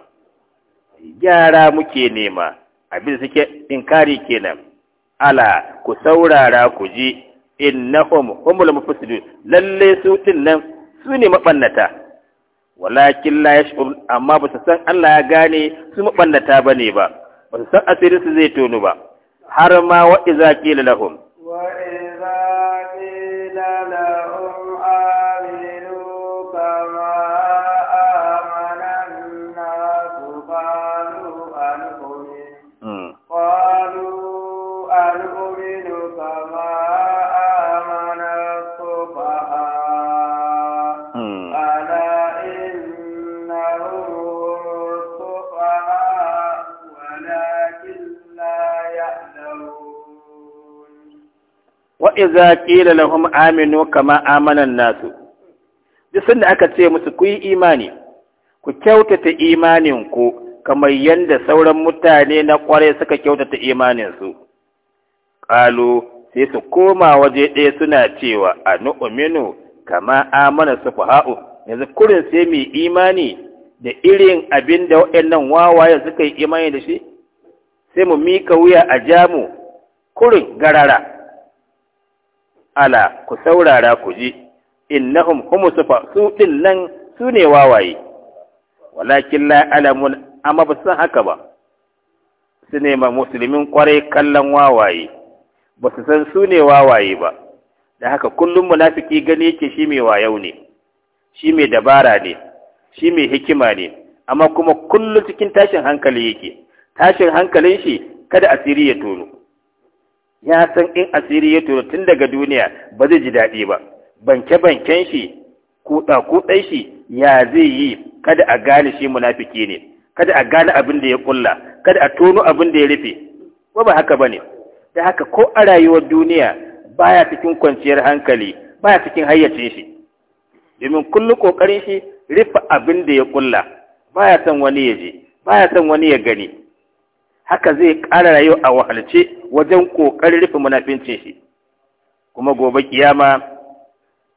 gyara muke nema abin suke inkari kenan ala ku saurara ku ji innahum humul mufsidun lalle su din nan su ne maɓannata walakin la yashur amma ba su san Allah ya gane su maɓannata ba ne ba ba su san asirinsu zai tonu ba har ma wa iza qila lahum wa iza da lahum aminu kama amanan nasu duk da aka ce musu ku yi imani ku kyautata imaninku kamar yadda sauran mutane na kwarai suka kyautata imaninsu qalu sai su koma waje ɗaya suna cewa a nu'uminu kama amana sufaha'u yanzu kurin sai mu imani da irin abin da waɗannan wawaye suka yi imani da shi sai mu mika wuya a jamu kurin garara ala ku saurara ku ji innahum humu sufa su din nan su ne wawaye walakin la alamun amma ba san haka ba su ne ma musulmin kwarai kallon wawaye ba su san su ne wawaye ba da haka kullum munafiki gani yake shi mai wayau ne shi mai dabara ne shi mai hikima ne amma kuma kullum cikin tashin hankali yake tashin hankalin shi kada asiri ya tono ya san in asiri ya tura tun daga duniya ba zai ji daɗi ba banke-banken shi kuɗa-kuɗai shi ya zai yi kada a gane shi munafiki ne kada a gane abin da ya ƙulla kada a tono abin da ya rufe ko ba haka ba ne da haka ko a rayuwar duniya baya cikin kwanciyar hankali baya cikin hayyacin shi domin kullum ƙoƙarin shi rufe abin da ya ƙulla baya son wani ya je baya son wani ya gani haka zai ƙara rayu a wahalce wajen ƙoƙarin rufe munafincin shi kuma gobe kiyama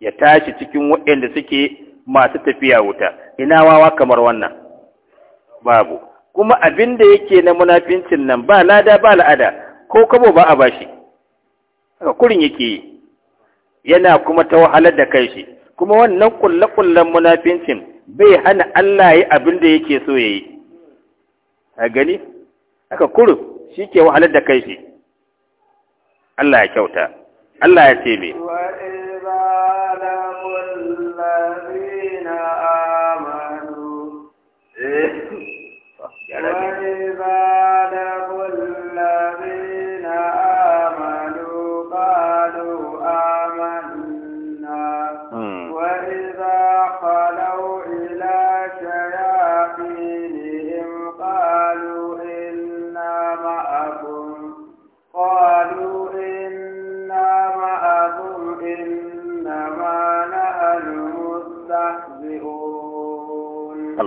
ya tashi cikin waɗanda suke masu tafiya wuta ina wawa kamar wannan babu kuma abin da yake na munafincin nan ba lada ba la'ada ko kabo ba a bashi haka kurin yake yi yana kuma ta wahalar da kai shi kuma wannan kullakullan kullen munafincin bai hana Allah yi abin da yake so ya yi a gani haka kurus shi ke wahalar da kai shi Allah ya kyauta Allah ya ce mai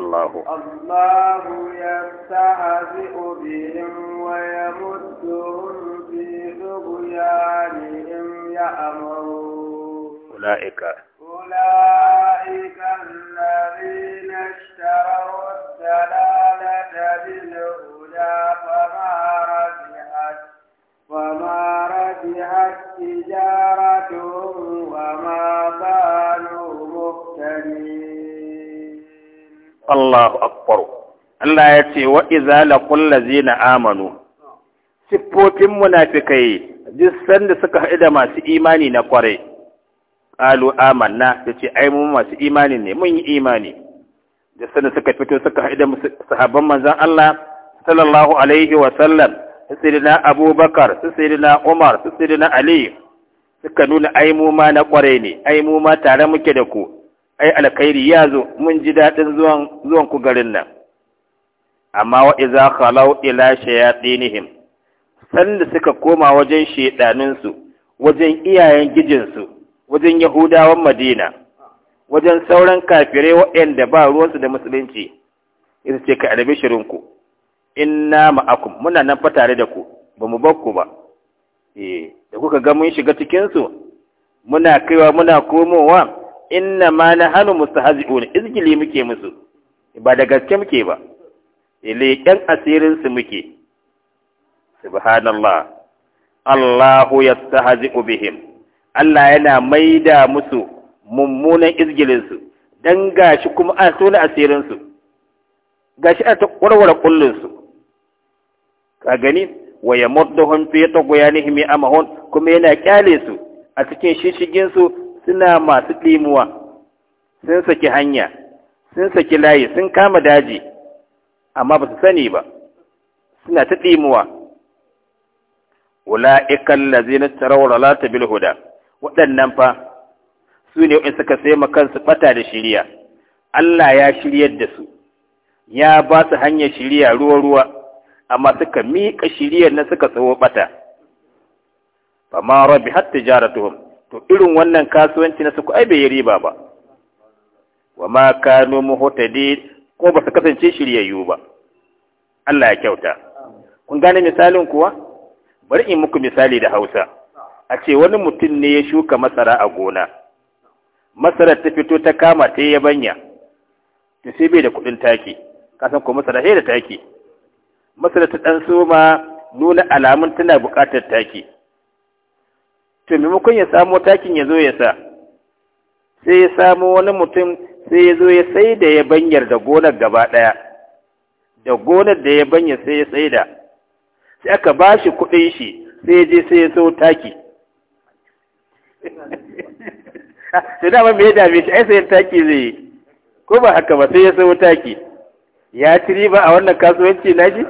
الله الله يستهزئ بهم ويمدهم في طغيانهم يأمرون أولئك أولئك الذين اشتروا الدلالة بالهدى فما ربحت فما ربحت تجارتهم Allahu akbar Allah ya ce wa idza laqul ladzina amanu siffofin munafikai duk sanda suka haɗu da masu imani na kwarai qalu amanna yace ai mu masu imani ne mun yi imani duk sanda suka fito suka haɗu da sahabban manzon Allah sallallahu alaihi wa sallam sayyidina Abubakar sayyidina Umar sayyidina Ali suka nuna ai mu ma na kwarai ne ai mu ma tare muke da ku ai alkhairi ya zo mun ji daɗin zuwan zuwan ku garin nan amma wa iza khalau ila shayatinihim sanda suka koma wajen su wajen iyayen gijinsu wajen yahudawan madina wajen sauran kafirai waɗanda ba ruwansu da musulunci ita ce ka shirin shirinku inna ma'akum muna nan fa tare da ku bamu mu bakku ba eh da kuka ga mun shiga cikinsu muna kaiwa muna komowa inna ma na hannu mustahzi'un izgili muke musu ba da gaske muke ba leƙen asirin su muke subhanallah Allahu yastahzi'u bihim Allah yana maida musu mummunan izgilin su dan gashi kuma a tona asirin su gashi a ta warware kullun su ka gani wa yamudduhum fi tughyanihim amahun kuma yana kyale su a cikin shishigin su suna masu ɗimuwa sun saki hanya sun saki layi sun kama daji amma ba su sani ba suna ta ɗimuwa Wula wula'ikan lazina tarawar lata bil huda waɗannan fa su ne in suka sai makansu ɓata da shirya. Allah ya shiryar da su ya ba su hanyar shirya ruwa-ruwa amma suka miƙa shiryar na suka tsawo ɓata ba ma rabi har tijaratuhum to irin wannan kasuwanci na suku ai bai yi riba ba wa ma kanu muhtadi ko ba su kasance shiryayyu ba Allah ya kyauta kun gane misalin kuwa bari in muku misali da Hausa a ce wani mutum ne ya shuka masara a gona masarar ta fito ta kama ta yabanya to sai bai da kudin taki Ka san ko masara sai da taki masara ta dan soma nuna alamun tana buƙatar taki to maimakon ya samo takin ya zo ya sa sai ya samo wani mutum sai ya zo ya sai da ya banyar da gonar gaba ɗaya da gonar da ya banya sai ya sai da sai aka ba shi kuɗin shi sai ya je sai ya so taki sai dama mai dame shi ai sayan taki zai yi ko ba haka ba sai ya so taki ya ci riba a wannan kasuwanci na shi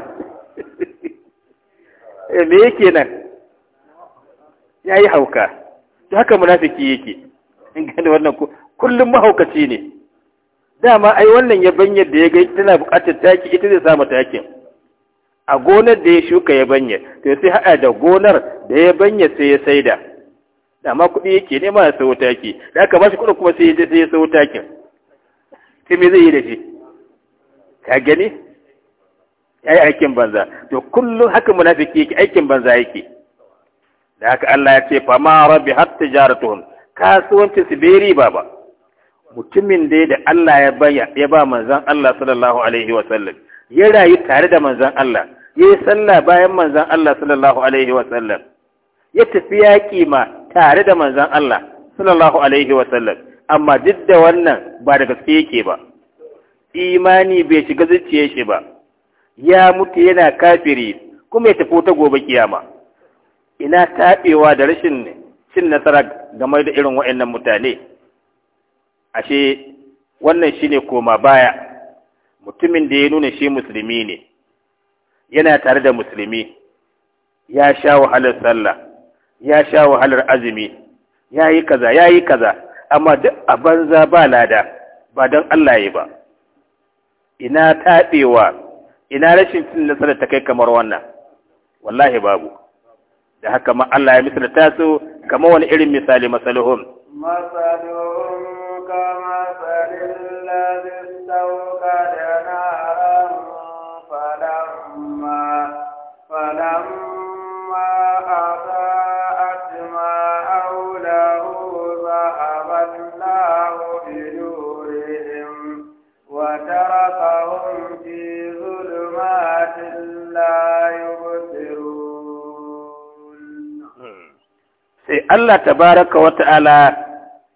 eh, me yake nan ya yi hauka to haka munafiki yake in gane wannan kullum mahaukaci ne dama ai wannan yabanyar da ya ga tana bukatar taki ita zai samu takin a gonar da ya shuka yabanyar to sai haɗa da gonar da yabanyar sai ya saida dama kuɗi yake nema ya sau taki da aka ba shi kuɗin kuma sai ya sau takin sai me zai yi da shi ka gani ya yi aikin banza to kullum haka munafiki yake aikin banza yake da haka Allah ya ce fama rabbi har tijaratuhum kasuwancin su bai riba ba mutumin dai da Allah ya baya ya ba manzon Allah sallallahu alaihi wa sallam ya rayu tare da manzon Allah ya yi sallah bayan manzon Allah sallallahu alaihi wa sallam ya tafi yaƙi ma tare da manzon Allah sallallahu alaihi wa sallam amma duk da wannan ba da gaske yake ba imani bai shiga zuciyar shi ba ya mutu yana kafiri kuma ya tafi ta gobe kiyama ina taɓewa da rashin cin nasara game da irin wa'annan mutane ashe wannan shine koma baya mutumin da ya nuna shi musulmi ne yana tare da musulmi ya sha wahalar sallah ya sha wahalar azumi ya yi kaza ya yi kaza amma duk a banza ba lada ba don Allah ya yi ba ina taɓewa ina rashin cin nasara ta kai kamar wannan wallahi babu da haka ma Allah ya misalta su kamar wani irin misali masaluhum masaluhum kama salil ladhi sai Allah Ta baraka wa ta'ala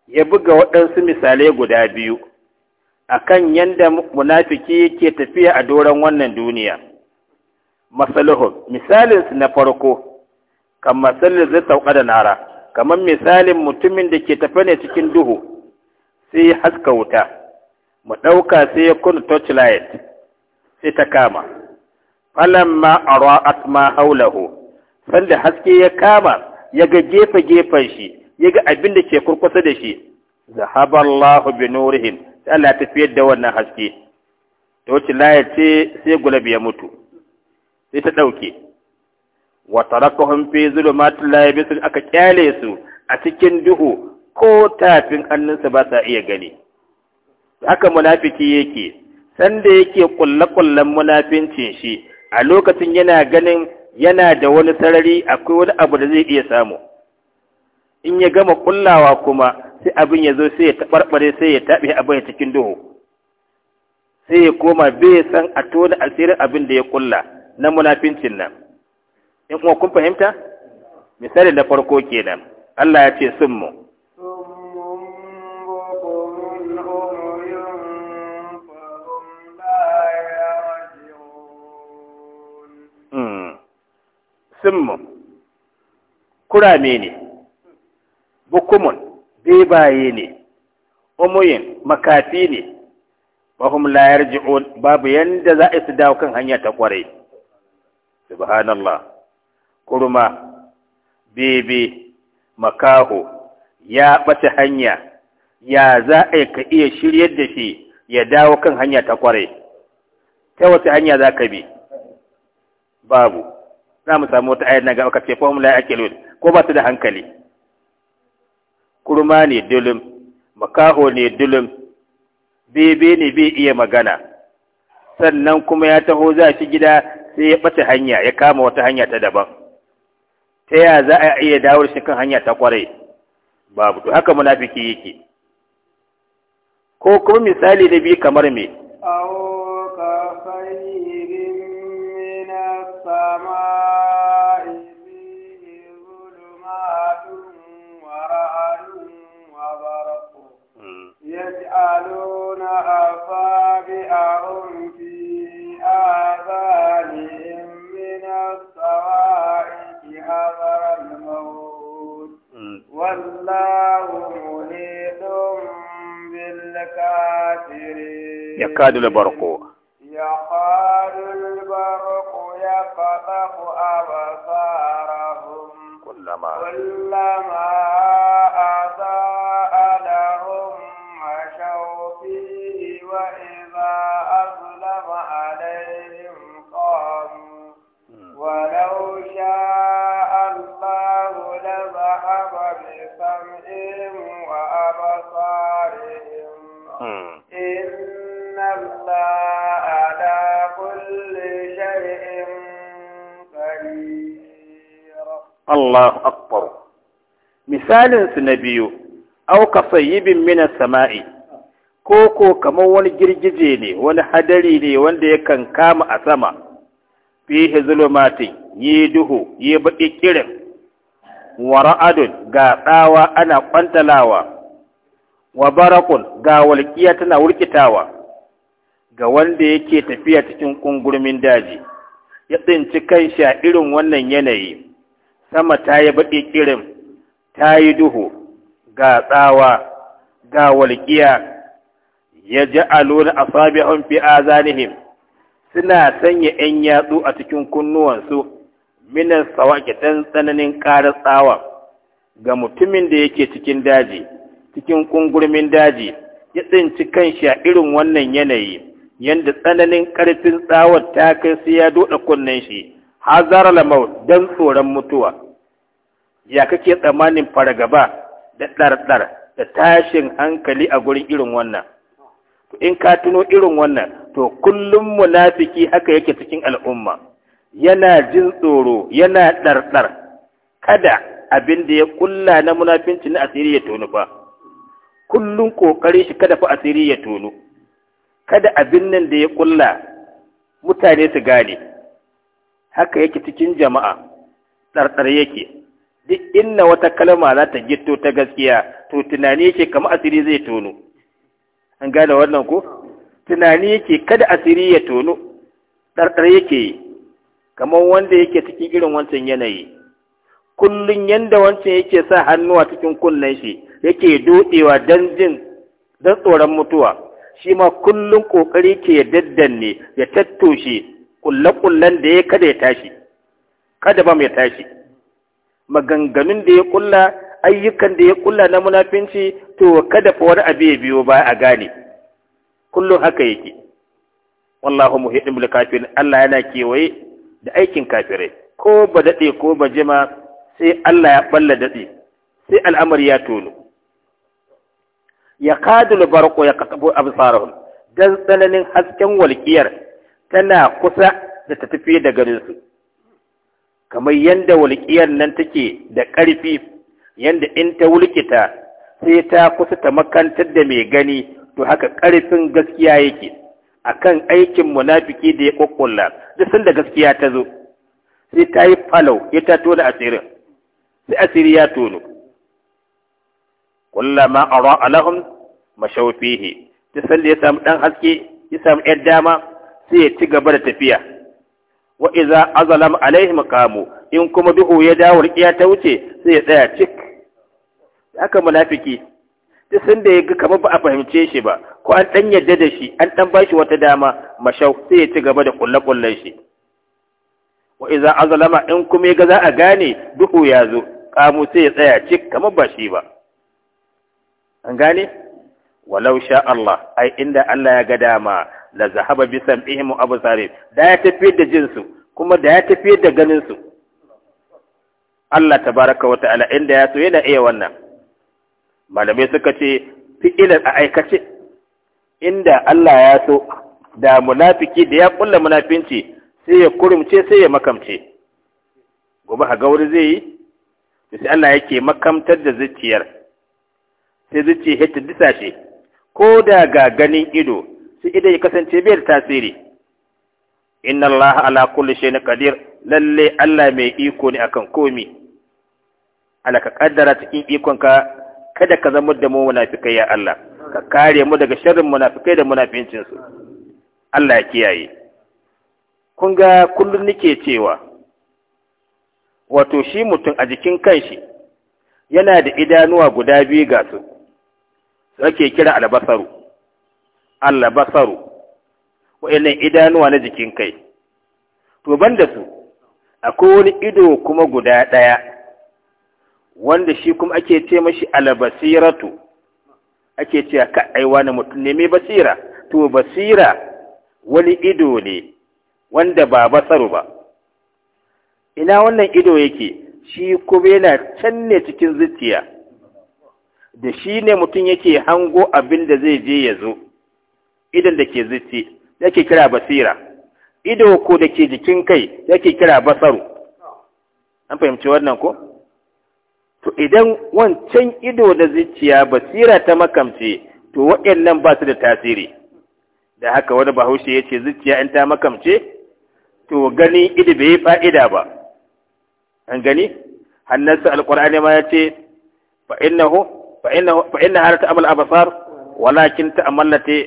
ya buga waɗansu misalai guda biyu A kan yadda munafiki ke tafiya a doron wannan duniya masaluhu misalin na farko kan masalin zai sauka da nara kamar misalin mutumin da ke tafi ne cikin duhu sai ya haska wuta mu ɗauka sai ya kuna torchlight sai ta kama falamma ra'at ma haulahu sanda haske ya kama ya ga gefe-gefen shi ya ga abin da ke kurkusa da shi zahaballahu bi nurihim sai Allah ya tafiyar da wannan haske ta wuce layar ce sai gulab ya mutu sai ta ɗauke wa tarakahum fi zulumatil la yabisun aka kyale su a cikin duhu ko tafin hannunsa ba sa iya gani haka munafiki yake sanda yake kulle-kullen munafincin shi a lokacin yana ganin yana da wani sarari akwai wani abu da zai iya samu in ya gama kullawa kuma sai abin ya zo sai ya taɓarɓare sai ya taɓe abin ya cikin duhu sai ya koma bai san a tona asirin abin da ya kulla na munafincin nan in kuma kun fahimta misali na farko kenan Allah ya ce sun mu sunmun kurame ne bukumun bebaye ne umuyin makafi ne bahum la yarji'un babu yanda za a su dawo kan hanya ta kwarai subhanallah kurma bebe makaho ya ɓata hanya ya za a ka iya shiryar da shi ya dawo kan hanya ta kwarai ta wata hanya za ka bi babu za mu samu wata ayar na ga aka ce fahim la aqilun ko ba su da hankali kurma ne dulum makaho ne dulum bebe ne bai iya magana sannan kuma ya taho za shi gida sai ya ɓace hanya ya kama wata hanya ta daban ta ya za a iya dawo shi kan hanya ta kwarai babu to haka munafiki yake ko kuma misali da biyu kamar me عليهم من الصواعق حذر الموت والله محيط بالكافرين يكاد البرق يقال البرق يقطع أبصارهم كلما كلما إن الله Misalin su na biyu, au ka مثال سنبي أو كصيب sama'i. Ko koko kamar wani girgije ne wani hadari ne wanda yakan kama a sama fihi zulumatin yi duhu yi baki kirin wara'adun ga tsawa ana kwantalawa wa barakun ga walƙiya tana wurkitawa ga wanda yake tafiya cikin ƙungurmin daji ya tsinci kan sha irin wannan yanayi sama ta yi baƙi ƙirin ta yi duhu ga tsawa ga walƙiya ya ji alona a sabihun fi azanihim suna sanya ‘yan yatsu a cikin kunnuwansu minan tsawa ke tsananin ƙarar tsawa ga mutumin da yake cikin daji cikin kungurmin daji ya tsinci kanshi a irin wannan yanayi yadda tsananin ƙarfin tsawar ta kai sai ya doda kunnen shi hazar lamau don tsoron mutuwa ya kake tsammanin fargaba da ɗarɗar da tashin hankali a gurin irin wannan in ka tuno irin wannan to kullum munafiki haka yake cikin al'umma yana jin tsoro yana ɗarɗar kada abin da ya kulla na munafinci na asiri ya tonu ba kullum ƙoƙari shi kada fa asiri ya tono kada abin nan da ya ƙulla mutane su gane haka yake cikin jama'a tsartsar yake duk inna wata kalma za ta gito ta gaskiya to tunani yake kama asiri zai tono an gane wannan ko tunani yake kada asiri ya tono tsartsar yake yi kamar wanda yake cikin irin wancan yanayi Kullum yadda wancan yake sa hannu a cikin kunnen shi yake dodewa don jin dan tsoron mutuwa shi ma kullum kokari ke ya daddanne ya tattoshe kullakullan da ya kada ya tashi kada ba mai tashi maganganun da ya kulla ayyukan da ya kulla na munafinci to kada fa wani abu ya biyo ba a gane kullum haka yake wallahu muhiddin bil kafirin Allah yana kewaye da aikin kafirai ko ba dade ko ba jima sai Allah ya balla datse sai al'amari ya tono ya kadul barqu ya kakabo absarahum dan tsananin hasken walƙiyar tana kusa da ta tafi da ganinsu kamar yadda walƙiyar nan take da ƙarfi yadda in ta wulkita sai ta kusa ta makantar da mai gani to haka ƙarfin gaskiya yake akan aikin munafiki da ya ƙwaƙwalla duk sun da gaskiya ta zo sai ta yi falau ya ta tona asirin sai asiri ya tono kullama ara alahum mashaw fihi ta sanda ya samu dan haske ya samu yar dama sai ya ci gaba da tafiya wa iza azalam alaihim qamu in kuma duhu ya dawo riya ta wuce sai ya tsaya cik haka munafiki ta sanda ya ga kamar ba a fahimce shi ba ko an dan yadda da shi an dan bashi wata dama mashau sai ya ci gaba da kullakullan shi wa iza azlama in kuma ya ga za a gane duhu ya zo kamu sai ya tsaya cik kamar ba shi ba an gane walau sha Allah ai inda Allah ya ga dama la zahaba bi sam'ihim wa absarihim da ya tafi da jinsu kuma da ya tafi da ganin su Allah tabaraka wa ta'ala inda ya so yana iya wannan malamai suka ce fi'ilan a aikace inda Allah ya so da munafiki da ya kulla munafinci sai ya kurumce sai ya makamce gobe a gauri zai yi da sai Allah yake makamtar da zuciyar sai zuciya ta shi. ko da ga ganin ido su ido ya kasance bai da tasiri inna Allah ala kulli shay'in qadir lalle Allah mai iko ne akan komi alaka kaddara cikin ikonka kada ka zama da mu munafikai ya Allah ka kare mu daga sharrin munafikai da munafincin su Allah ya kiyaye kun ga kullun nake cewa wato shi mutum a jikin kanshi yana da idanuwa guda biyu ga su ake kira albasaru albasaru wa'annan idanuwa na jikin kai to banda su akwai wani ido kuma guda ɗaya wanda shi kuma ake ce mashi albasiratu ake ce ka aiwa na mutum ne mai basira to basira wani ido ne wanda ba basaru ba ina wannan ido yake shi kuma yana can ne cikin zuciya da shi ne mutum yake hango abin da zai je ya zo idan da ke zuci yake kira basira ido ko da ke jikin kai yake kira basaru an fahimci wannan ko to idan wancan ido da zuciya basira ta makamce to waɗannan ba su da tasiri da haka wani bahaushe ya ce zuciya in ta makamce to gani ido bai yi fa'ida ba an gani hannansa alqur'ani ma yace fa innahu fa innahu fa innaha la ta'mal absar walakin ta'amallati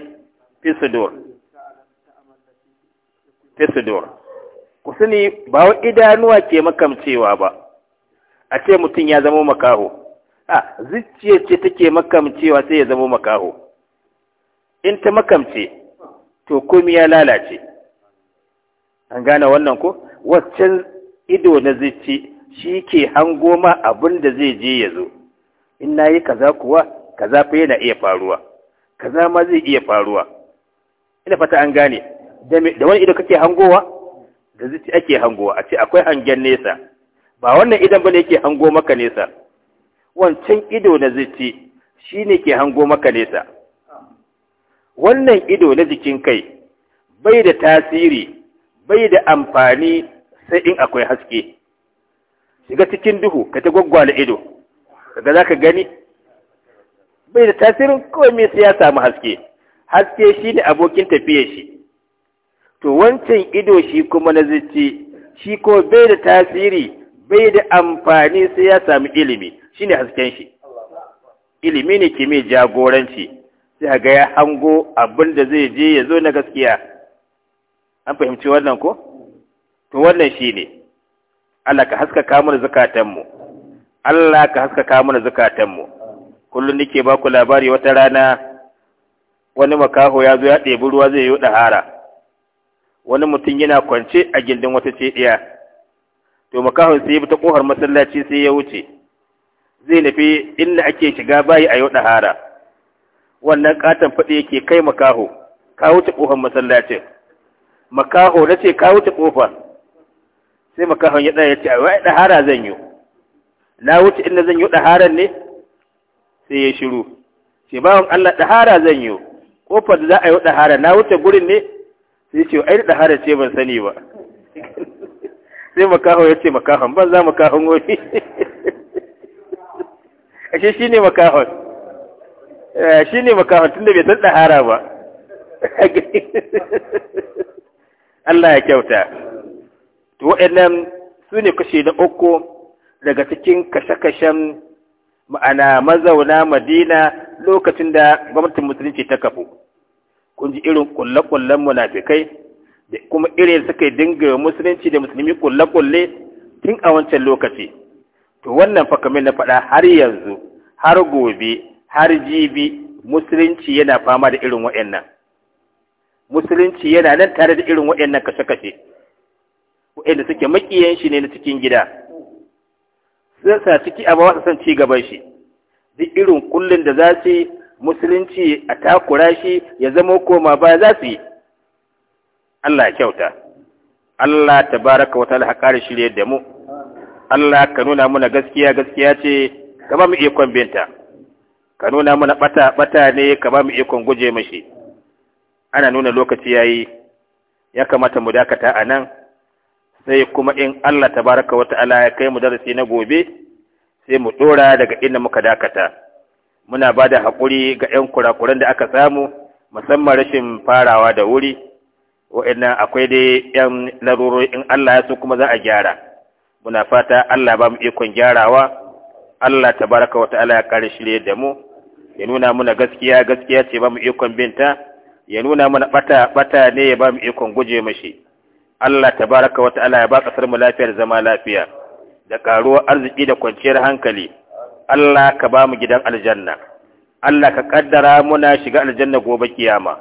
fi sudur fi sudur ku sani ba wa idanuwa ke makamcewa ba a ce mutum ya zama makaho a zuciya ce take makamcewa sai ya zama makaho in ta makamce to komi ya lalace an gane wannan ko waccan ido na zici shi ke hango ma abin da zai je ya zo in na yi kaza kuwa kaza fa yana iya faruwa kaza ma zai iya faruwa ina fata an gane da wani ido kake hangowa da zici ake hangowa a ce akwai hangen nesa ba wannan idan bane yake hango maka nesa wancan ido na zici ne ke hango maka nesa wannan ido na jikin kai bai da tasiri bai da amfani sai in akwai haske shiga cikin duhu ka ta gwaggwala ido Daga za ka gani bai da tasirin komai sai ya samu haske haske shi ne abokin tafiya shi to wancan ido shi kuma na zici shi ko bai da tasiri bai da amfani sai ya samu ilimi shi ne hasken shi ilimi ne ke mai jagoranci sai ga ya hango abin da zai je ya zo na gaskiya an fahimci wannan ko? to wannan shi ne. Allah ka haskaka mana zukatanmu Allah ka haskaka mana zukatanmu kullum nake ba ku labari wata rana wani makaho ya zo ya ɗebi ruwa zai yi ɗahara wani mutum yana kwance a gindin wata ceɗiya, to makahon sai ya bi ta ƙofar masallaci sai ya wuce zai nufi inda ake shiga bayi a yau ɗahara wannan katon faɗi yake kai makaho ka wuce ƙofar masallacin makaho na ce ka wuce ƙofar sai makahon ya ɗaya ya ce wai ɗahara zan yi na wuce inda zan yi ɗaharan ne sai ya shiru ce bawan Allah ɗahara zan yi kofar da za a yi ɗahara na wuce gurin ne sai ce ai ɗahara ce ban sani ba sai makahon ya ce makahon ban za makahon wani ashe shi ne makahon eh, shi ne makahon tunda bai san ɗahara ba Allah ya kyauta to waɗannan su ne kashe na uku daga cikin kashe-kashen ma'ana mazauna madina lokacin da gwamnatin musulunci ta kafu kun ji irin kulle-kullen munafikai da kuma irin suka dinga musulunci da musulmi kulle-kulle tun a wancan lokaci to wannan fakamin na faɗa har yanzu har gobe har jibi musulunci yana fama da irin waɗannan musulunci yana nan tare da irin waɗannan kashe-kashe da suke makiyan shi ne na cikin gida sai sa ciki a ba san ci gaban shi duk irin kullun da za su yi musulunci a takura shi ya zama koma baya za su yi Allah kyauta Allah ta baraka wata haƙari shirye da mu Allah ka nuna muna gaskiya gaskiya ce ka ba mu ikon binta ka nuna muna bata bata ne ka ba mu ikon guje mashi ana nuna lokaci yayi ya kamata mu dakata a nan sai kuma in Allah tabaraka wa ta'ala ya kai mu darasi na gobe sai mu dora daga inda muka dakata muna ba da haƙuri ga 'yan kurakuran da aka samu musamman rashin farawa da wuri wa'annan akwai dai 'yan larurori in Allah ya so kuma za a gyara muna fata Allah ba mu ikon gyarawa Allah tabaraka wa ta'ala ya kare shirye da mu ya nuna muna gaskiya gaskiya ce ba mu ikon binta ya nuna mana bata bata ne ya ba mu ikon guje mashi Allah tabaraka wa ta'ala ya ba kasar mu lafiya zama lafiya da karuwar arziki da kwanciyar hankali Allah ka ba mu gidan aljanna Allah ka kaddara muna shiga aljanna gobe kiyama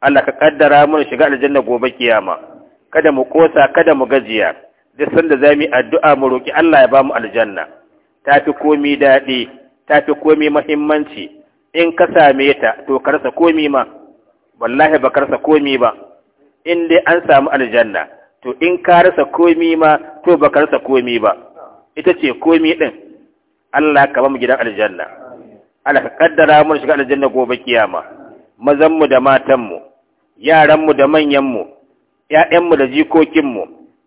Allah ka kaddara muna shiga aljanna gobe kiyama kada mu kosa kada mu gajiya duk sanda za mu addu'a mu roki Allah ya ba mu aljanna tafi komi daɗi tafi komi muhimmanci in ka same ta to karsa komi ma wallahi ba karsa komi ba in dai an samu aljanna to in ka rasa komi ma to ba ka rasa komi ba ita ce komi ɗin, Allah ka ba mu gidan aljanna Allah ka kaddara mu shiga aljanna gobe kiyama mazan mu da matan mu yaran mu da manyan mu ƴaƴan mu da jikokin mu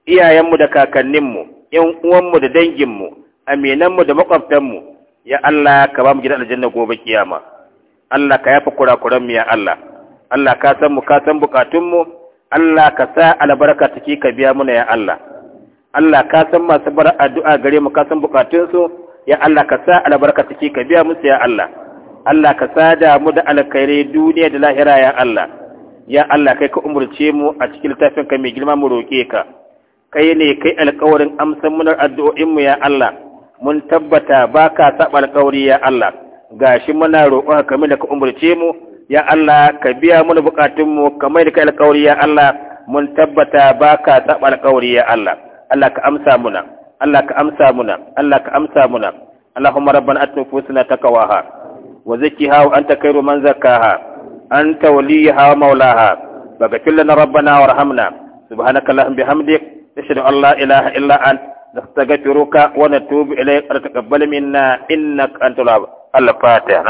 iyayen mu da kakannin mu ƴan uwan mu da dangin mu aminan mu da makwabtan mu ya Allah ka ba mu gidan aljanna gobe kiyama Allah ka yafa kurakuran mu ya Allah Allah ka san mu ka san bukatun mu Allah ka sa albarka take ka biya muna ya Allah Allah ka san masu bar addu'a gare mu ka san bukatunsu ya Allah ka sa albarka take ka biya musu ya Allah Allah ka sada mu da alkhairi duniya da lahira ya Allah ya Allah kai ka umurce mu a cikin littafin ka mai girma mu roke ka kai ne kai alkawarin amsan munar addu'o'in mu ya Allah mun tabbata baka saba alkawari ya Allah gashi muna roƙon ka da ka umurce mu ya Allah ka biya mana bukatunmu kamar da ka alƙawari ya Allah mun tabbata baka saba alƙawari ya Allah Allah ka amsa muna Allah ka amsa muna Allah ka amsa muna Allahumma rabbana atina nufusana taqwaha wa zakkiha wa anta khairu man zakkaha anta waliyaha wa mawlaha faghfir lana rabbana warhamna subhanaka allahumma bihamdik nashhadu an la ilaha illa anta نستغفرك ونتوب إليك وتقبل منا إنك أنت الأب الفاتح